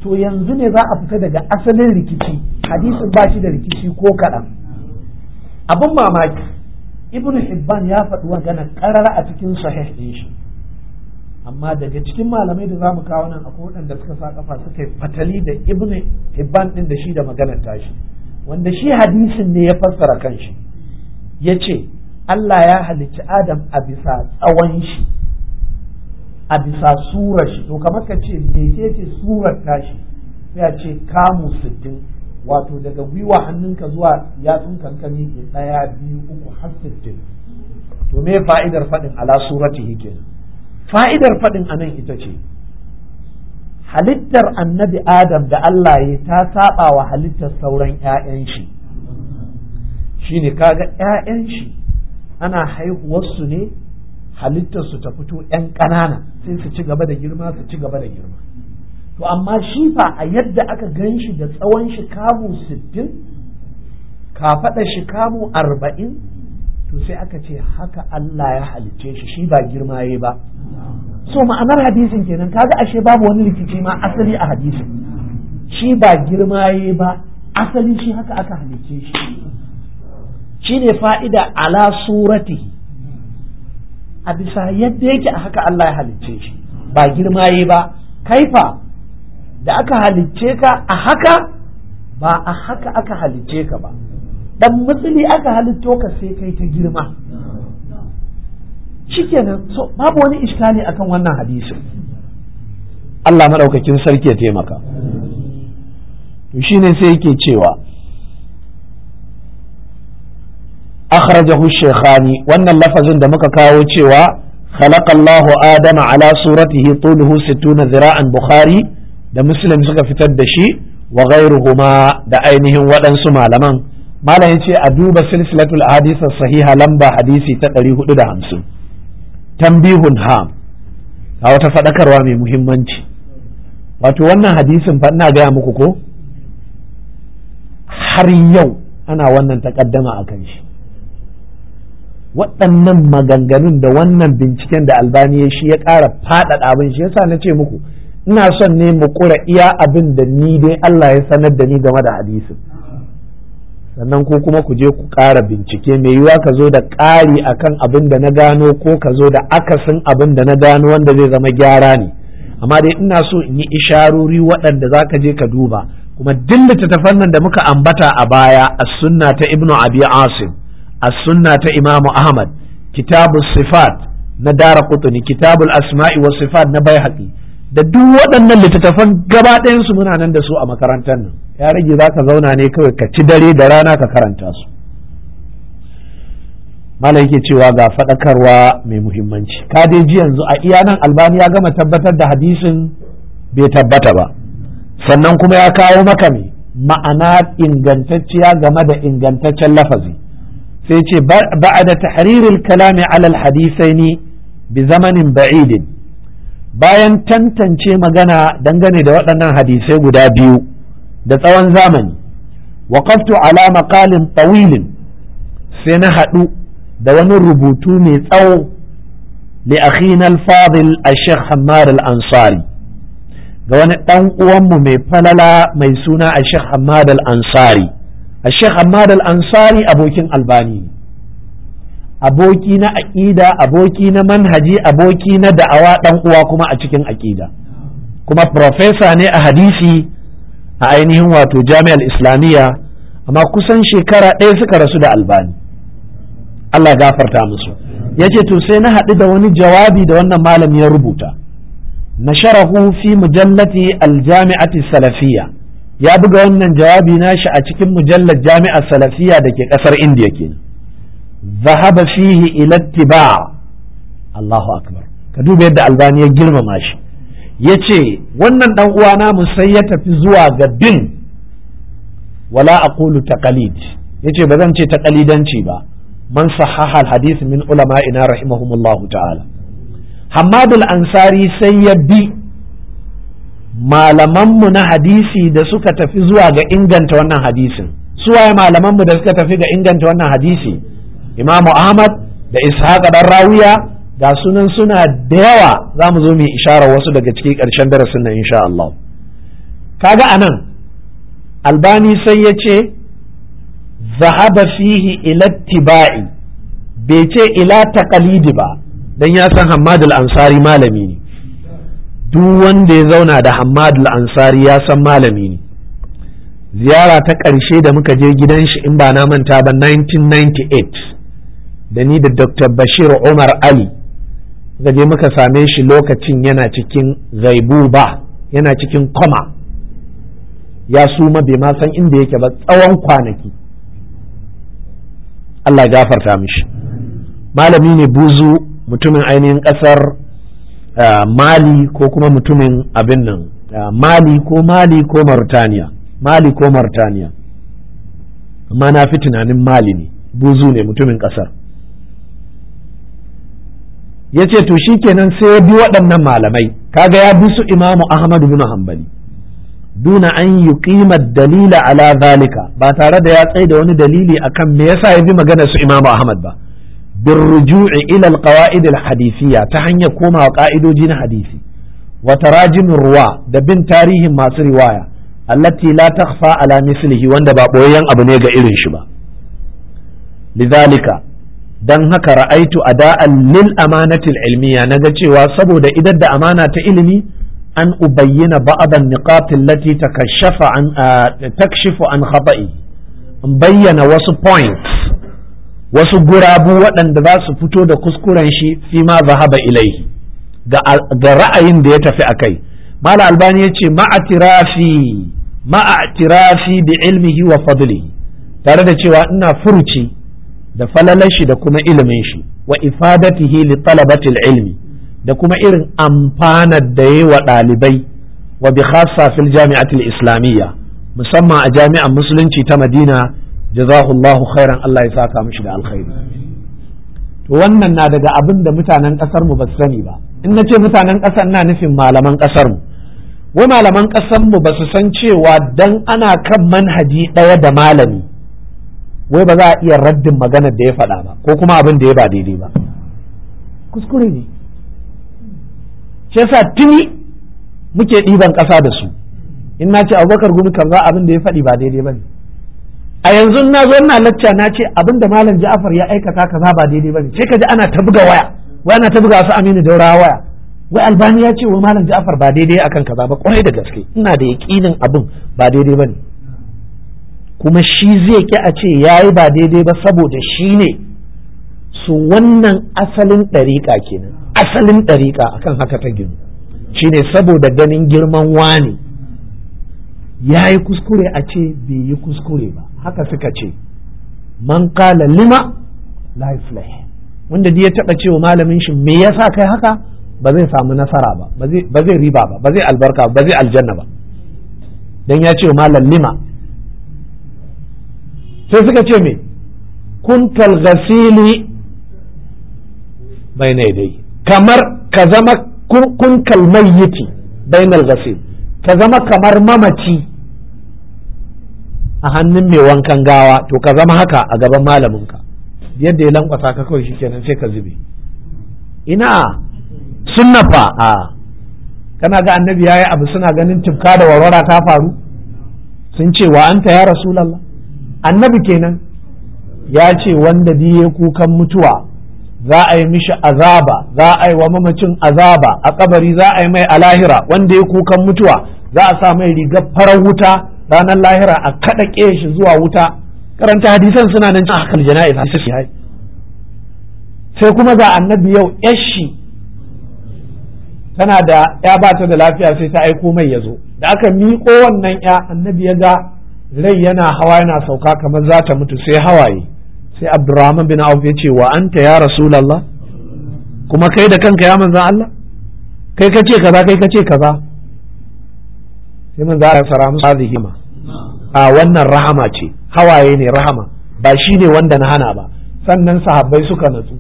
S1: to yanzu ne za a fita daga asalin rikici hadisin ba shi da rikici ko kaɗan abin mamaki ibnu hibban ya faɗi gana ƙarar a cikin sahih ɗin shi amma daga cikin malamai da zamu kawo nan akwai waɗanda suka sa kafa suka fatali da ibnu hibban ɗin da shi da maganar tashi wanda shi hadisin ne ya fassara kanshi ya ce Allah ya halicci Adam a bisa tsawon shi a bisa surar shi to kamar ka ce mecece surar tashi sai a ce kamu sittin wato daga gwiwa hannunka zuwa yatsun kankani ke ɗaya biyu uku har sittin to me fa'idar faɗin ala surati kenan fa'idar faɗin anan ita ce halittar annabi adam da Allah ya ta saba wa halittar sauran 'ya'yan shi shine kaga 'ya'yan shi ana haihuwarsu ne halittar su ta fito 'yan ƙanana sai su ci gaba da girma su ci gaba da girma to amma shi fa a yadda aka ganshi da tsawon shi kamu sittin kafaɗa shi kamu arba'in to sai aka ce haka Allah ya halicce shi shi ba girma ya ba so ma'anar hadisin kenan kaga ashe babu wani rikici ma asali a hadisin shi ba girma yayi ba asali shi haka aka halice shi ne fa'ida ala surati a bisa yadda yake a haka Allah ya halicce shi ba girma yayi ba kaifa da aka halicce ka a haka ba a haka aka halicce ka ba dan mutsili aka halitto ka sai kai ta girma shikenan so babu wani iskali akan wannan hadisin Allah madaukakin sarki ya taimaka to sai yake cewa akhrajahu shaykhani wannan lafazin da muka kawo cewa خلق الله آدم على صورته طوله ستون ذراعا بخاري da muslim suka fitar da shi wa ghairuhuma da ainihin waɗansu malaman malam ya ce a duba silsilatul hadisa sahiha lamba hadisi ta ɗari huɗu da hamsin. tambihun ham a wata faɗakarwa mai muhimmanci wato wannan hadisin fa ina gaya muku ko har yau ana wannan takaddama a kan shi waɗannan maganganun da wannan binciken da albani ya shi ya ƙara faɗaɗa abin shi yasa na ce muku ina son ne mu ƙura iya abin da ni dai Allah ya sanar da ni game da hadisin sannan ko kuma ku je ku ƙara bincike mai yiwa ka zo da ƙari akan abin da na gano ko ka zo da akasin abin da na gano wanda zai zama gyara ne amma dai ina so in yi isharori waɗanda za ka je ka duba kuma duk littattafan nan da muka ambata a baya a sunna ta ibnu abi asim a sunna ta imamu ahmad kitabu sifat na dara kutuni kitabul asma'i wa sifat na bai da duk waɗannan littattafan gabaɗayansu muna nan da su a makarantar nan ya rage za ka zauna ne kawai ka ci dare da rana ka karanta su malam yake cewa ga faɗakarwa mai muhimmanci ka dai ji yanzu a iya nan albani ya gama tabbatar da hadisin bai tabbata ba sannan kuma ya kawo maka mai ma'ana ingantacciya game da ingantaccen lafazi sai ce da tahriril kalami alal hadisai ne bi zamanin ba'idin bayan tantance magana dangane da waɗannan hadisai guda biyu da tsawon zamani waqaftu ala maqalin tawilin sai na haɗu da wani rubutu mai tsawo li akhina al-fadil al-sheikh Hammar al-Ansari ga wani dan uwanmu mai falala mai suna a sheikh Hammar al-Ansari al-sheikh Hammar al-Ansari abokin albani ne aboki na aƙida aboki na manhaji aboki na da'awa ɗan uwa kuma a cikin aƙida kuma profesa ne a hadisi a ainihin wato jami'ar islamiyya amma kusan shekara ɗaya suka rasu da albani Allah gafarta musu ya ce to sai na haɗu da wani jawabi da wannan malam ya rubuta na sharahu fi mujallati aljami'ati salafiyya ya buga wannan jawabi nashi a cikin mujallar jami'ar salafiyya da ke ƙasar indiya ke. zahaba fihi ila tiba Allahu akbar ka duba yadda albani ya girmama shi ya ce wannan ɗan uwana mu sai ya tafi zuwa ga bin wala aqulu taqalid yace ba zan ce taqalidanci ba man sahaha alhadith min ulama ina rahimahumullah ta'ala Hammad al-Ansari sai ya bi malamanmu na hadisi da suka tafi zuwa ga inganta wannan hadisin su waye malamanmu da suka tafi ga inganta wannan hadisi Imam Ahmad da Ishaq dan Rawiya ga sunan suna da yawa za mu zo mu isharar wasu daga ciki ƙarshen darasin nan insha Allah kaga anan albani sai ya ce zahaba fihi ila tiba'i bai ce ila taqalidi ba dan ya san Hammadul Ansari malami ne duk wanda ya zauna da Hammadul Ansari ya san malami ne ziyara ta ƙarshe da muka je gidan shi in ba na manta ba 1998 da ni da Dr. Bashir Umar Ali muka je muka same shi lokacin yana cikin zaibu ba, yana cikin koma ya suma bai ma san inda yake ba tsawon kwanaki Allah gafarta mishi malami ne buzu mutumin ainihin ƙasar mali ko kuma mutumin abin nan mali ko mali ko mauritania mali ko Martaniya, amma na fi tunanin mali ne buzu ne mutumin ƙasar ya ce to shi kenan sai ya bi waɗannan malamai kaga ya bi su imamu ahmad bin hanbali duna an yi ƙimar dalila ala zalika ba tare da ya tsaye da wani dalili akan me yasa ya bi maganar su imamu ahmad ba bin ruju'i ila alqawaid alhadisiyya ta hanyar komawa ka'idoji na hadisi wa ruwa da bin tarihin masu riwaya allati la takhfa ala mislihi wanda ba boyayyen abu ne ga irin shi ba lidhalika don haka ra'aitu ada'an lil amanatil ilmiya na ga cewa saboda idan da amana ta ilimi an ubayyana ba'adan niqatin lati an takshifu an khata'i in bayyana wasu points wasu gurabu waɗanda za su fito da kuskuren shi fi ma zahaba ilai ga ra'ayin da ya tafi kai. mala albani ya ce ma'atirafi ma'atirafi bi ilmihi wa fadli. tare da cewa ina furuci da falalar shi da kuma ilimin shi wa ifadatihi li talabatil ilmi da kuma irin amfanar da yi wa ɗalibai wa bi khassa fil jami'atil islamiyya musamman a jami'an musulunci ta madina jazahullahu khairan Allah ya saka mishi da alkhairi to wannan na daga abin da mutanen kasar mu ba sani ba in na ce mutanen kasar na nufin malaman kasar mu wai malaman kasar mu ba su san cewa dan ana kan manhaji ɗaya da malami wai ba za a iya raddin maganar da ya faɗa ba ko kuma abin da ya ba daidai ba kuskure ne shi yasa tuni muke ɗiban ƙasa da su in na ce abubakar gumi kaza abin da ya faɗi ba daidai ba ne a yanzu na zo na lacca na ce abin da malam ja'afar ya aikata kaza ba daidai ba ne sai ka ji ana ta buga waya wai ana ta buga su aminu daura waya wai albani ya ce wa malam ja'afar ba daidai akan kaza ba kwarai da gaske ina da yaƙinin abin ba daidai ba ne kuma shi zai ki a ce ya yi ba daidai ba saboda shi ne su wannan asalin ɗariƙa kenan asalin ɗariƙa akan haka ta gino. shi ne saboda ganin girman wani ya yi kuskure a ce bai yi kuskure ba haka suka ce man kala lima la wanda ya taɓa cewa malamin shi me yasa kai haka ba zai samu nasara ba ba zai riba ba ba zai albarka ba zai aljanna ba dan ya ce malam lima sai suka ce me kuntal bai na dai. kamar ka zama kunkal mayyiti bainal ghasil ka zama kamar mamaci a hannun mai wankan gawa to ka zama haka a gaban malaminka yadda ya lankwasa ka kawai shikenan sai ka zube ina sunna fa a kana ga annabi yayi abu suna ganin tufka da warwara ta faru sun ce wa anta ya rasulullah annabi kenan ya ce wanda ya kukan mutuwa za a yi mishi azaba za a yi wa mamacin azaba a kabari za a yi mai a lahira wanda ya kukan mutuwa za a sa mai rigar farar wuta ranar lahira a kaɗaƙe shi zuwa wuta karanta hadisan suna nan cin akal jana'iz sai kuma ga annabi yau yashi tana da ya bata da lafiya sai ta aiko mai ya zo da aka miƙo wannan ya annabi ya ga rai yana hawa yana sauka kamar za ta mutu sai hawaye sai abdurrahman bin auf ya ce wa anta ya rasulallah kuma kai da kanka ya manzan Allah kai ka ce kaza kai ka ce kaza sai manzan Allah sara musu azihima a wannan rahama ce hawaye ne rahama ba shi ne wanda na hana ba sannan sahabbai suka natsu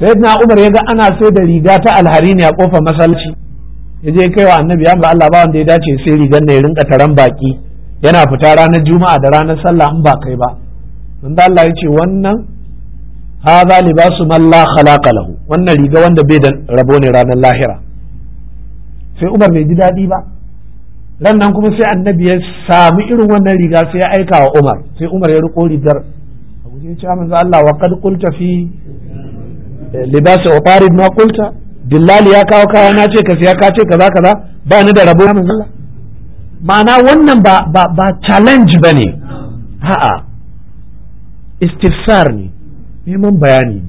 S1: sayyidina umar ya ga ana sai da riga ta alhari ne a kofar masallaci ya je kai wa annabi ya Allah ba wanda ya dace sai rigar ne ya rinka taran baki yana fita ranar juma'a da ranar sallah in ba kai ba Don da Allah ya ce wannan hadha libasu man la khalaqa lahu wannan riga wanda bai da rabo ne ranar lahira sai Umar bai ji daɗi ba ran nan kuma sai annabi ya samu irin wannan riga sai ya aika wa Umar sai Umar ya riko rigar a guje ya ce za Allah wa kad qulta fi libas ufarid ma qulta dillali ya kawo kaya na ce ka siya ka ce kaza kaza ba ni da rabo manzo Allah ma'ana wannan ba ba ba challenge bane a'a istifsar ne neman bayani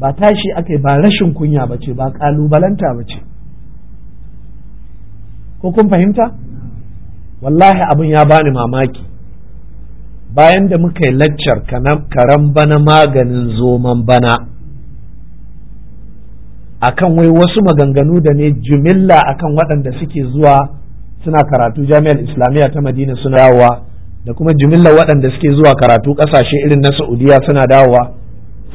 S1: ba tashi akai ba rashin kunya bace ba kalubalanta bace ko kun fahimta wallahi abin ya bani mamaki bayan da muka yi laccar karan bana maganin zoman bana akan wai wasu maganganu da ne jumilla akan waɗanda suke zuwa suna karatu jami'ar islamiyya ta madina suna dawowa da kuma jimilla waɗanda suke zuwa karatu ƙasashe irin na saudiya suna dawowa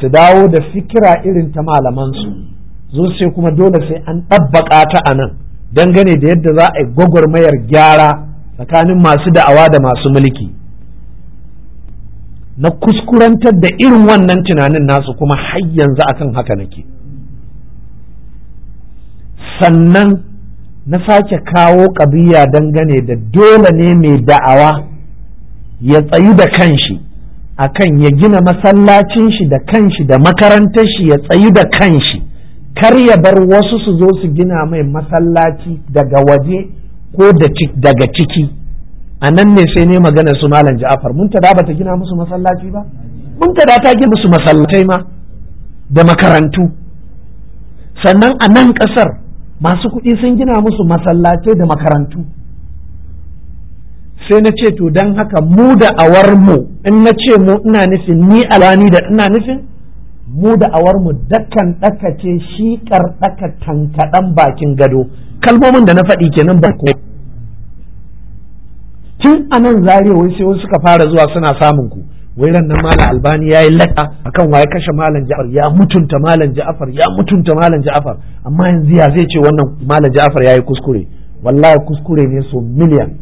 S1: su dawo da fikira irin ta malamansu zo sai kuma dole sai an ɗabbaƙa ta a nan dangane da yadda za a yi gwagwarmayar gyara tsakanin masu da'awa da masu mulki na kuskurantar da irin wannan tunanin nasu kuma har yanzu akan haka nake sannan na sake kawo ƙabiya dangane da dole ne mai da'awa ya tsayu da kanshi akan ya gina masallacin shi da kanshi da makarantar shi ya tsayu da kanshi kar ya bar wasu su zo su gina mai masallaci daga waje ko daga ciki a nan ne sai ne magana su malam ja'afar mun ba ta gina musu masallaci ba mun ta ta gina musu masallatai ma da makarantu sannan a nan ƙasar masu kuɗi sun gina musu masallatai da makarantu sai na ce to don haka mu da awar mu in na ce mu ina nufin ni alani da ina nufin mu da awar mu dakan ɗakace shi ɗaka tankaɗan bakin gado kalmomin da na faɗi kenan ba ko tun anan zare wai sai wasu suka fara zuwa suna samun ku wai ran nan malam albani ya yi akan waye kashe malam ja'far ya mutunta malam ja'far ya mutunta malam ja'far amma yanzu ya zai ce wannan malam Ja'far ya yi kuskure wallahi kuskure ne so miliyan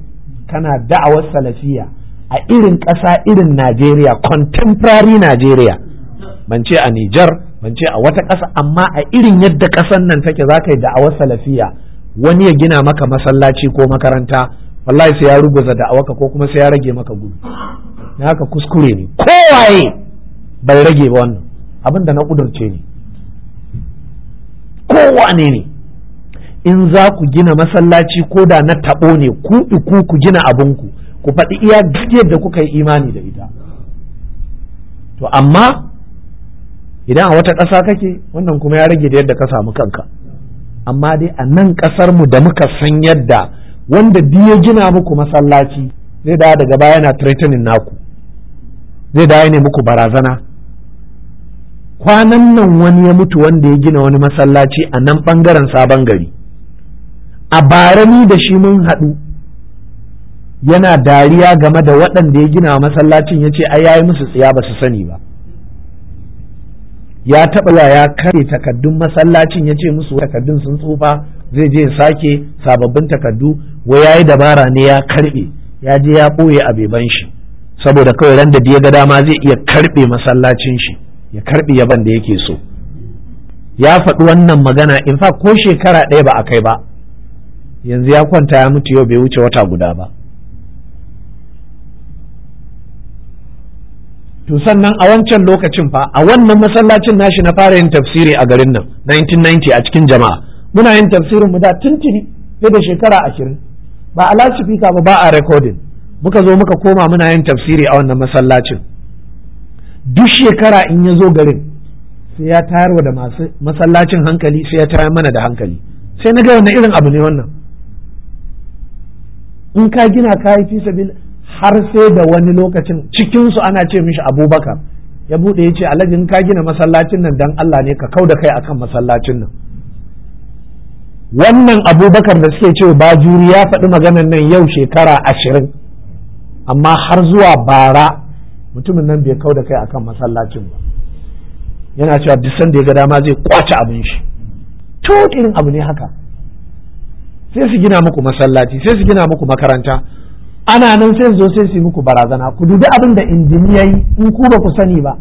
S1: kana da'awar salafiya a irin ƙasa irin Najeriya contemporary Najeriya ban ce a Nijar ban ce a wata ƙasa amma a irin yadda ƙasar nan take za ka yi da'awar salafiya wani ya gina maka masallaci ko makaranta wallahi sai ya ruguza da'awarka ko kuma sai ya rage maka gudu na haka kuskure ne kowaye bai rage ba wannan abin da na ƙudurce ne kowane ne in za ku gina masallaci ko da na taɓo ne ku ku ku gina abinku ku faɗi iya gajiyar da kuka yi imani da ita to amma idan a wata ƙasa kake wannan kuma ya rage da yadda ka samu kanka amma dai a nan ƙasar mu da muka san yadda wanda biyu ya gina muku masallaci zai dawo daga baya yana threatening naku zai dawo ne muku barazana kwanan nan wani ya mutu wanda ya gina wani masallaci a nan ɓangaren sabon gari a bara ni da shi mun haɗu yana dariya game da waɗanda ya gina masallacin ya ce ai yayi musu tsiya ba su sani ba ya taɓa ya kare takaddun masallacin ya ce musu takaddun sun tsufa zai je sake sababbin takaddu wai yayi dabara ne ya karɓe ya je ya ɓoye a beban shi saboda kawai ran da ya ga dama zai iya karɓe masallacin shi ya karbi yaban da yake so ya faɗi wannan magana in fa ko shekara ɗaya ba a kai ba yanzu ya kwanta ya mutu yau bai wuce wata guda ba to sannan a wancan lokacin fa a wannan masallacin nashi na fara yin tafsiri a garin nan 1990 a cikin jama'a muna yin tafsirin mu da tuntuni sai da shekara ashirin ba a lasifika ba ba a recording muka zo muka koma muna yin tafsiri a wannan masallacin duk shekara in ya zo garin sai ya tayarwa da masu masallacin hankali sai ya tayar mana da hankali sai na ga wannan irin abu ne wannan in ka gina kayi fi sabil har sai da wani lokacin cikinsu ana ce mishi abubakar ya buɗe ya ce alhaji in ka gina masallacin nan dan Allah ne ka kau da kai akan masallacin nan wannan abubakar da suke ce ba juri ya faɗi maganar nan yau shekara ashirin amma har zuwa bara mutumin nan bai kau da kai akan masallacin ba yana cewa duk da ya ga dama zai kwace abin shi to irin abu ne haka sai su gina muku masallaci sai su gina muku makaranta ana nan sai zo sai su muku barazana ku dubi abin da indimi yayi in ku ba ku sani ba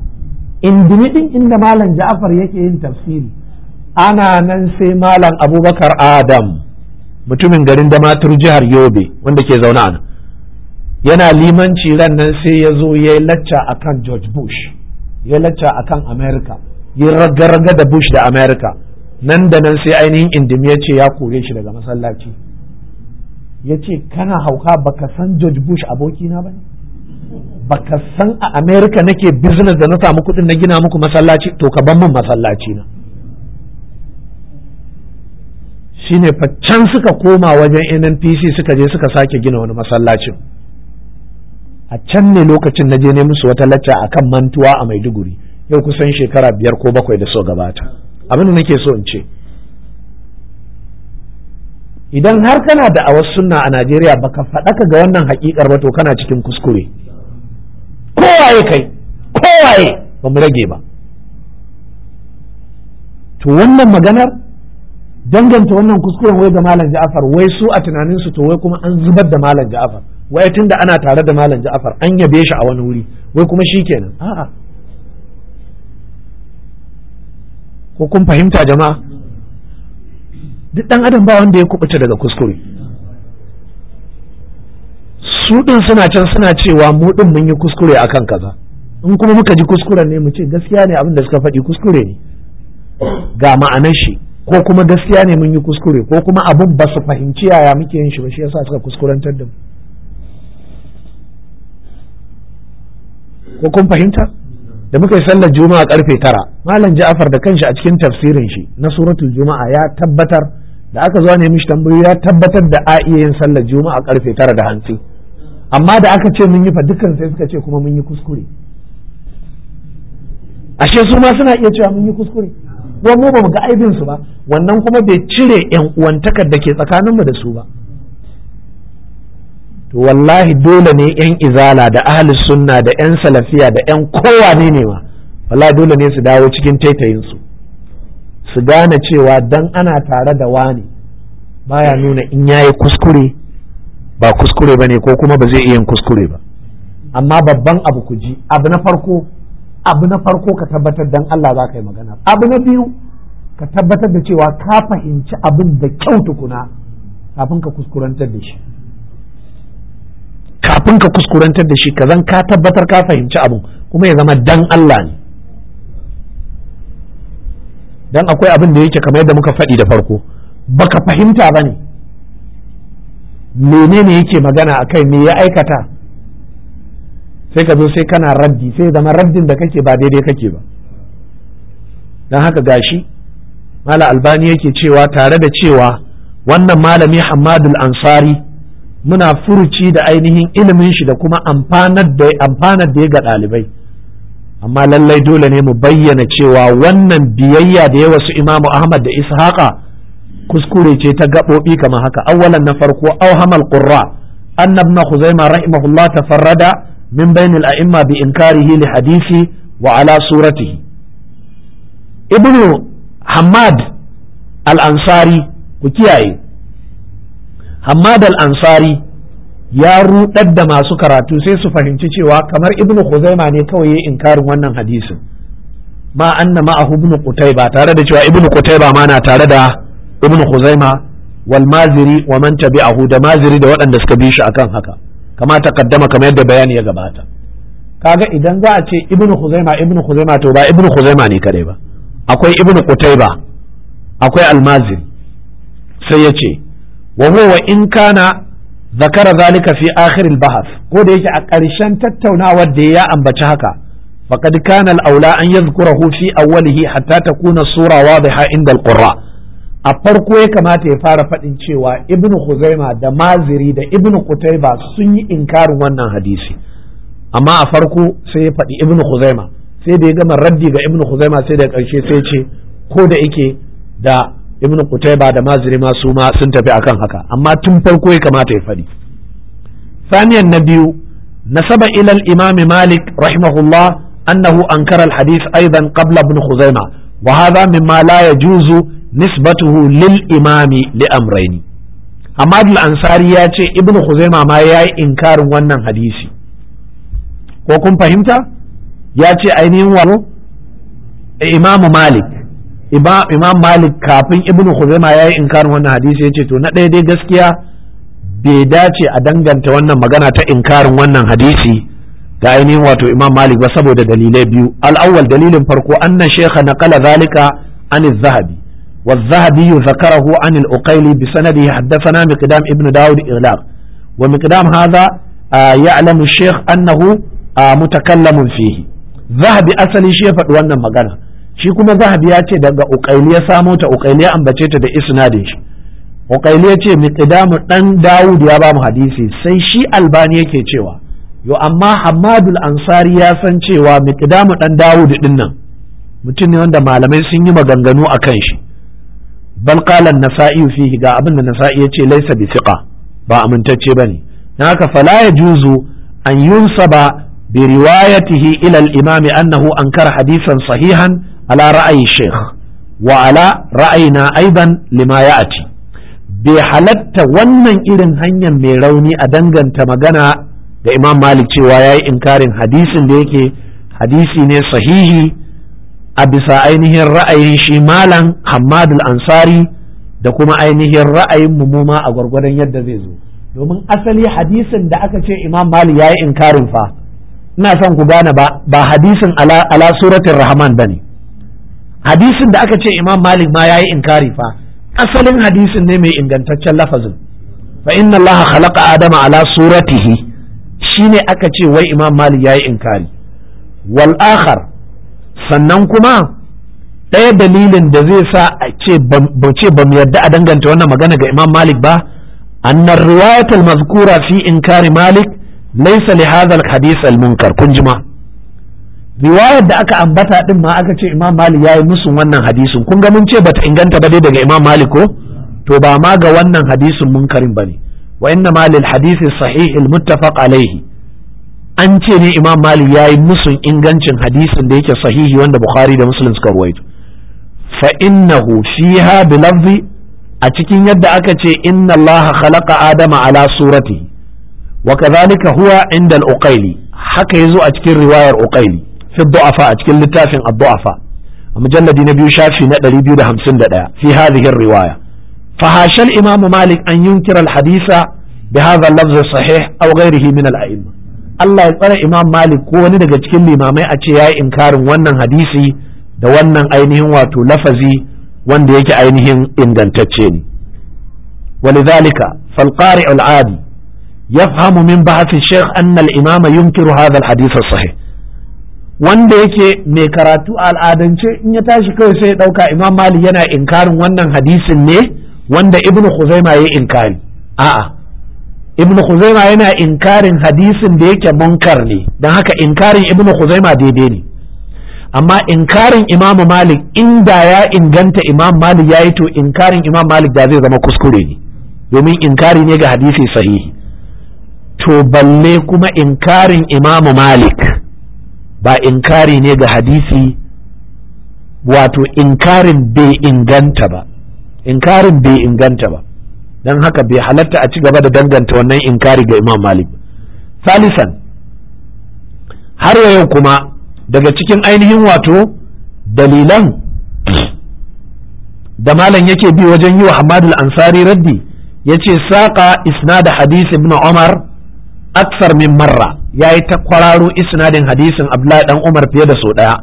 S1: indimi din inda malam Ja'far yake yin tafsiri ana nan sai malam Abubakar Adam mutumin garin da jihar Yobe wanda ke zauna a nan yana limanci ran nan sai ya zo ya yi lacca kan George Bush ya lacca a kan America ya ragarga da Bush da America nan da nan sai ainihin indim ya ce ya kore shi daga masallaci ya ce kana hauka baka san George Bush abokina ba ne baka san a america nake business da na samu kudin na gina muku masallaci to ka ban min masallaci na shine fa suka koma wajen nnpc suka je suka sake gina wani masallacin a can ne lokacin na je ne musu wata lacca a kan mantuwa a maiduguri yau kusan shekara biyar ko bakwai da so gabata abin da nake so in ce idan har kana da awar sunna a najeriya baka faɗaka ga wannan haƙiƙar ba to kana cikin kuskure kowaye kai kowaye ba mu rage ba to wannan maganar danganta wannan kuskuren wai ga malam ja'afar wai su a tunaninsu to wai kuma an zubar da malam ja'afar wai tunda ana tare da malam Ja'far an yabe shi a wani wuri wai kuma shikenan a'a ko kun fahimta jama'a duk dan adam ba wanda ya kubuta daga kuskure su din suna can suna cewa mu din mun yi kuskure akan kaza in kuma muka ji kuskuren ne mu ce gaskiya ne abin da suka faɗi kuskure ne ga ma'anar shi ko kuma gaskiya ne mun yi kuskure ko kuma abin ba su fahimci yaya muke yin shi ba shi yasa suka kuskurantar da mu ko kun fahimta da muka yi sallar juma'a karfe tara malam ja'afar da kanshi a cikin tafsirin shi na suratul juma'a ya tabbatar da aka zo ne mishi tambayoyi ya tabbatar da a iya yin sallar juma'a karfe tara da hantsi amma da aka ce mun yi fa dukkan sai suka ce kuma mun yi kuskure ashe su ma suna iya cewa mun yi kuskure ko mu ba mu ga aibin su ba wannan kuma bai cire yan uwantakar da ke tsakaninmu da su ba to wallahi dole ne yan izala da ahlus sunna da yan salafiya da yan kowa ne ma wallahi dole ne su dawo cikin taitayin su su gane cewa dan ana tare da wani baya nuna in yayi kuskure ba kuskure bane ko kuma ba zai iya kuskure ba amma babban abu ku ji abu na farko abu na farko ka tabbatar dan Allah za ka yi magana abu na biyu ka tabbatar da cewa ka fahimci abin da kyau tukuna kafin ka kuskurantar da shi kafin ka kuskurantar da shi ka zan ka tabbatar ka fahimci abu kuma ya zama dan Allah ne dan akwai abin da yake kamar yadda muka faɗi da farko baka fahimta bane menene yake magana akai me ya aikata sai ka zo sai kana raddi sai zama raddin da kake ba daidai kake ba dan haka gashi mala albani yake cewa tare da cewa wannan malami hamadul ansari muna furuci da ainihin ilimin shi da kuma amfanar da ya ga ɗalibai amma lallai dole ne mu bayyana cewa wannan biyayya da ya wasu imamu ahmad da ishaqa kuskure ce ta gaɓoɓi kamar haka awalan na farko auhamal qurra annabna khuzaima rahimahullah tafarrada min bainul a'imma bi inkarihi li hadisi wa ala suratihi ibnu hamad al-ansari ku kiyaye Hammad al-Ansari ya ruɗar da masu karatu sai su fahimci cewa kamar Ibnu Khuzaima ne kawai ya inkarin wannan hadisin ma anna ma'ahu Ibn Qutayba tare da cewa Ibnu Qutayba ma na tare da Ibnu Khuzaima wal Maziri wa man tabi'ahu da Maziri da waɗanda suka bi shi akan haka kama takaddama kamar yadda bayani ya gabata kaga idan za a ce Ibn Khuzaima Ibn Khuzaima to ba Ibn Khuzaima ne kaɗai ba akwai Ibn Qutayba akwai al-Maziri sai ya ce wa huwa in kana zakara zalika fi akhir al-bahth ko da yake a karshen tattaunawar da ya ambaci haka faqad kana al-aula an yadhkurahu fi awwalihi hatta takuna sura wadiha inda al-qurra a farko ya kamata ya fara faɗin cewa ibn Khuzaima da Maziri da ibn kutaiba sun yi inkarin wannan hadisi amma a farko sai ya faɗi ibn Khuzaima sai da ya gama raddi ga ibn Khuzaima sai da karshe sai ce ko da yake da ibnu qutayba da Mazirima Suma sun tafi akan haka amma tun farko ya kamata ya faɗi saniyan na biyu nasaba ilal imami malik rahimahullah annahu ankarar alhadith aizan qabla ibn khuzaima wa hadha mimma la yajuzu nisbatuhu lil imami li amrayni Ahmad al-Ansari ya ce Ibn Khuzaima ma ya yi inkarin wannan hadisi ko kun fahimta ya ce ainihin wa Imam Malik imam malik kafin ibnu khuzaima yayi inkarin wannan hadisi yace to na ɗaya dai gaskiya bai dace a danganta wannan magana ta inkarin wannan hadisi ga ainihin wato imam malik ba saboda dalilai biyu al dalilin farko anna shaykha naqala zalika an az-zahabi والذهبي ذكره عن الأقيلي بسنده حدثنا مقدام ابن داود إغلاق ومقدام هذا يعلم الشيخ أنه متكلم فيه ذهبي أصلي شيخ وأنا magana. shi kuma zahabi ya ce daga uqaili ya samo ta uqaili ya ambace ta da isnadin shi uqaili ya ce miqdamu dan dawud ya ba mu hadisi sai shi albani yake cewa yo amma hamadul ansari ya san cewa miqdamu dan dawud din nan mutum ne wanda malamai sun yi maganganu a kan shi bal qala an-nasa'i fihi ga abin da nasa'i ya ce laysa bi thiqa ba amintacce bane dan haka fala yajuzu an yunsaba bi riwayatihi ila al-imam annahu ankara hadisan sahihan ala ra'ayi الشيخ وعلى رأينا أيضا لما lima بحلت bai halatta wannan irin hanyar mai rauni a danganta magana da imam malik cewa ya yi inkarin hadisin da yake hadisi ne sahihi a bisa ainihin ra'ayin shi malam al ansari da kuma ainihin ra'ayin mu a gwargwadon yadda zai zo domin asali hadisin da aka ce imam malik ya yi inkarin fa ina son ku gane ba ba hadisin ala, ala suratin rahman bane hadisin da aka ce imam malik ma yayi inkari fa asalin hadisin ne mai ingantaccen lafazin fa inna allaha khalaqa adama ala suratihi shine aka ce wai imam malik yayi inkari wal akhar sannan kuma ɗaya dalilin da zai sa a ce ba ce ba mu yarda a danganta wannan magana ga imam malik ba annar riwayatul mazkura fi inkari malik laysa li hadha al hadith al munkar kun riwayar da aka ambata din ma aka ce imam malik ya yi musu wannan hadisin kun ga mun ce bata inganta ba dai daga imam malik ko to ba ma ga wannan hadisin munkarin bane wa inna ma lil hadisi sahih al muttafaq alayhi an ce ne imam malik ya yi musun ingancin hadisin da yake sahihi wanda bukhari da muslim suka ruwaito fa innahu fiha bi lafzi a cikin yadda aka ce inna allaha khalaqa adama ala surati wa kadhalika huwa inda al-uqayli haka yazo a cikin riwayar uqayli fi du'afa a cikin littafin ad afa a mujalladi na biyu shafi na 251 fi hadhihi riwaya fa hashal imam malik an yunkira al-haditha bi hadha al-lafz sahih aw ghayrihi min al-a'imma Allah ya tsare imam malik ko wani daga cikin limamai a ce yayi inkarin wannan hadisi da wannan ainihin wato lafazi wanda yake ainihin ingantacce ne ولذلك فالقارئ العادي يفهم من بحث الشيخ أن الإمام ينكر هذا الحديث الصحيح wanda yake mai karatu a al'adance in ya tashi kawai sai ya ɗauka imam malik yana inkarin wannan hadisin ne wanda ibnu khuzaima ya inkari a'a ibnu khuzaima yana inkarin hadisin da yake munkar ne don haka inkarin ibnu khuzaima daidai ne amma inkarin imam malik inda ya inganta imam malik yayi to inkarin imam malik da zai zama kuskure ne domin inkari ne ga hadisi sahihi to balle kuma inkarin imam malik ba inkari ne ga hadisi wato inkarin bai inganta ba inkarin bai inganta ba don haka bai halatta a ci gaba da danganta wannan inkari ga imam malik salisan har yau kuma daga cikin ainihin wato dalilan da malam yake bi wajen yi wa hamadul ansari raddi ya ce saƙa isna da hadisi ibn umar aksar min marra ya yi ta kwararo isnadin hadisin abdullahi dan umar fiye da sau daya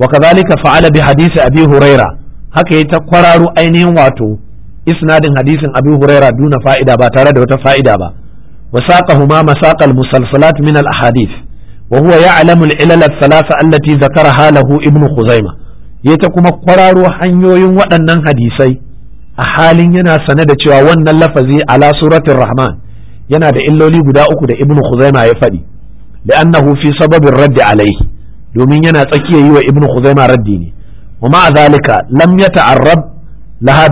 S1: wa kazalika fa'ala bi hadisi abi huraira haka ya ta kwararo ainihin wato isnadin hadisin abi huraira duna fa'ida ba tare da wata fa'ida ba wa saqahuma masaqal musalsalat min al ahadith wa huwa ya'lamu al ilal al thalatha allati zakaraha lahu ibnu khuzaimah ya ta kuma kwararo hanyoyin waɗannan hadisai a halin yana sane da cewa wannan lafazi ala suratul rahman yana da illoli guda uku da ibnu khuzaima ya faɗi da annahu sababin raddi alaihi domin yana tsakiya yi wa ibnu khuzaima raddi ne wa ma zalika lam yata'arrab laha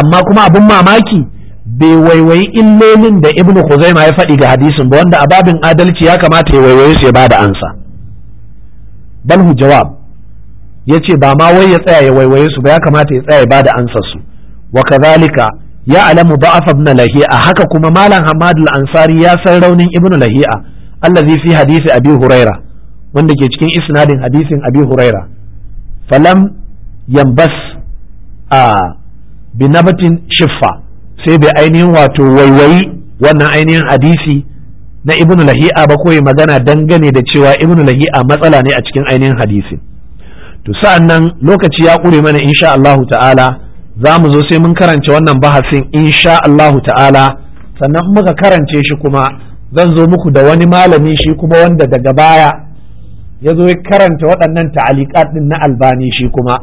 S1: amma kuma abin mamaki bai waiwayi illolin da ibnu khuzaima ya faɗi ga hadisin ba wanda a babin adalci ya kamata ya waiwaye su ya bada ansa balhu hu jawab yace ba ma wai ya tsaya ya waiwaye su ba ya kamata ya tsaya ya bada ansar su wa ya alamu da'af ibn lahi'a haka kuma malam hamad al-ansari ya san raunin ibnu lahi'a allazi fi hadisi abi huraira wanda ke cikin isnadin hadisin abi huraira falam yambas a binabatin shiffa sai bai ainihin wato waiwayi wannan ainihin hadisi na ibnu lahi'a ba koyi magana dangane da cewa ibnu lahi'a matsala ne a cikin ainihin hadisi. to sa'an nan lokaci ya ƙure mana insha Allahu ta'ala za mu zo sai mun karance wannan bahasin insha Allahu ta'ala sannan muka karance shi kuma zan zo muku da wani malami shi kuma wanda daga baya ya zo ya karanta waɗannan ta'alikat ɗin na albani shi kuma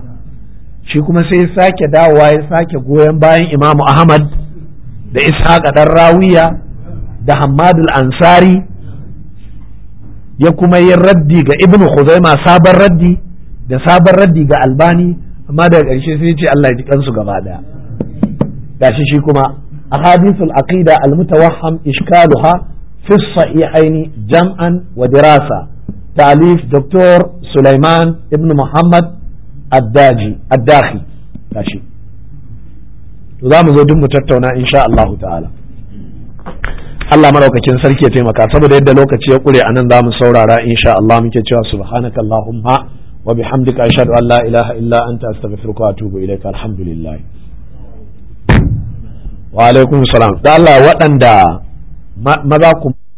S1: shi kuma sai ya sake dawowa ya sake goyon bayan imamu ahmad da ishaq ɗan rawiya da hamadul ansari ya kuma yin raddi ga ibn khuzaima sabon raddi da sabon raddi ga albani amma daga ƙarshe sai ce Allah ya ji kansu gaba daya gashi shi kuma ahadithul aqida al mutawahham ishkaluha في الصحيحين جمعا ودراسة تأليف دكتور سليمان ابن محمد الداجي الداخي ماشي وزام زودين متتونا إن شاء الله تعالى Allah maraukakin sarki ya taimaka saboda yadda lokaci ya kure anan za mu saurara insha Allah muke cewa subhanaka allahumma wa bihamdika ashhadu an la ilaha illa anta astaghfiruka wa atubu ilaika alhamdulillah wa alaikum salam da Allah waɗanda maza ku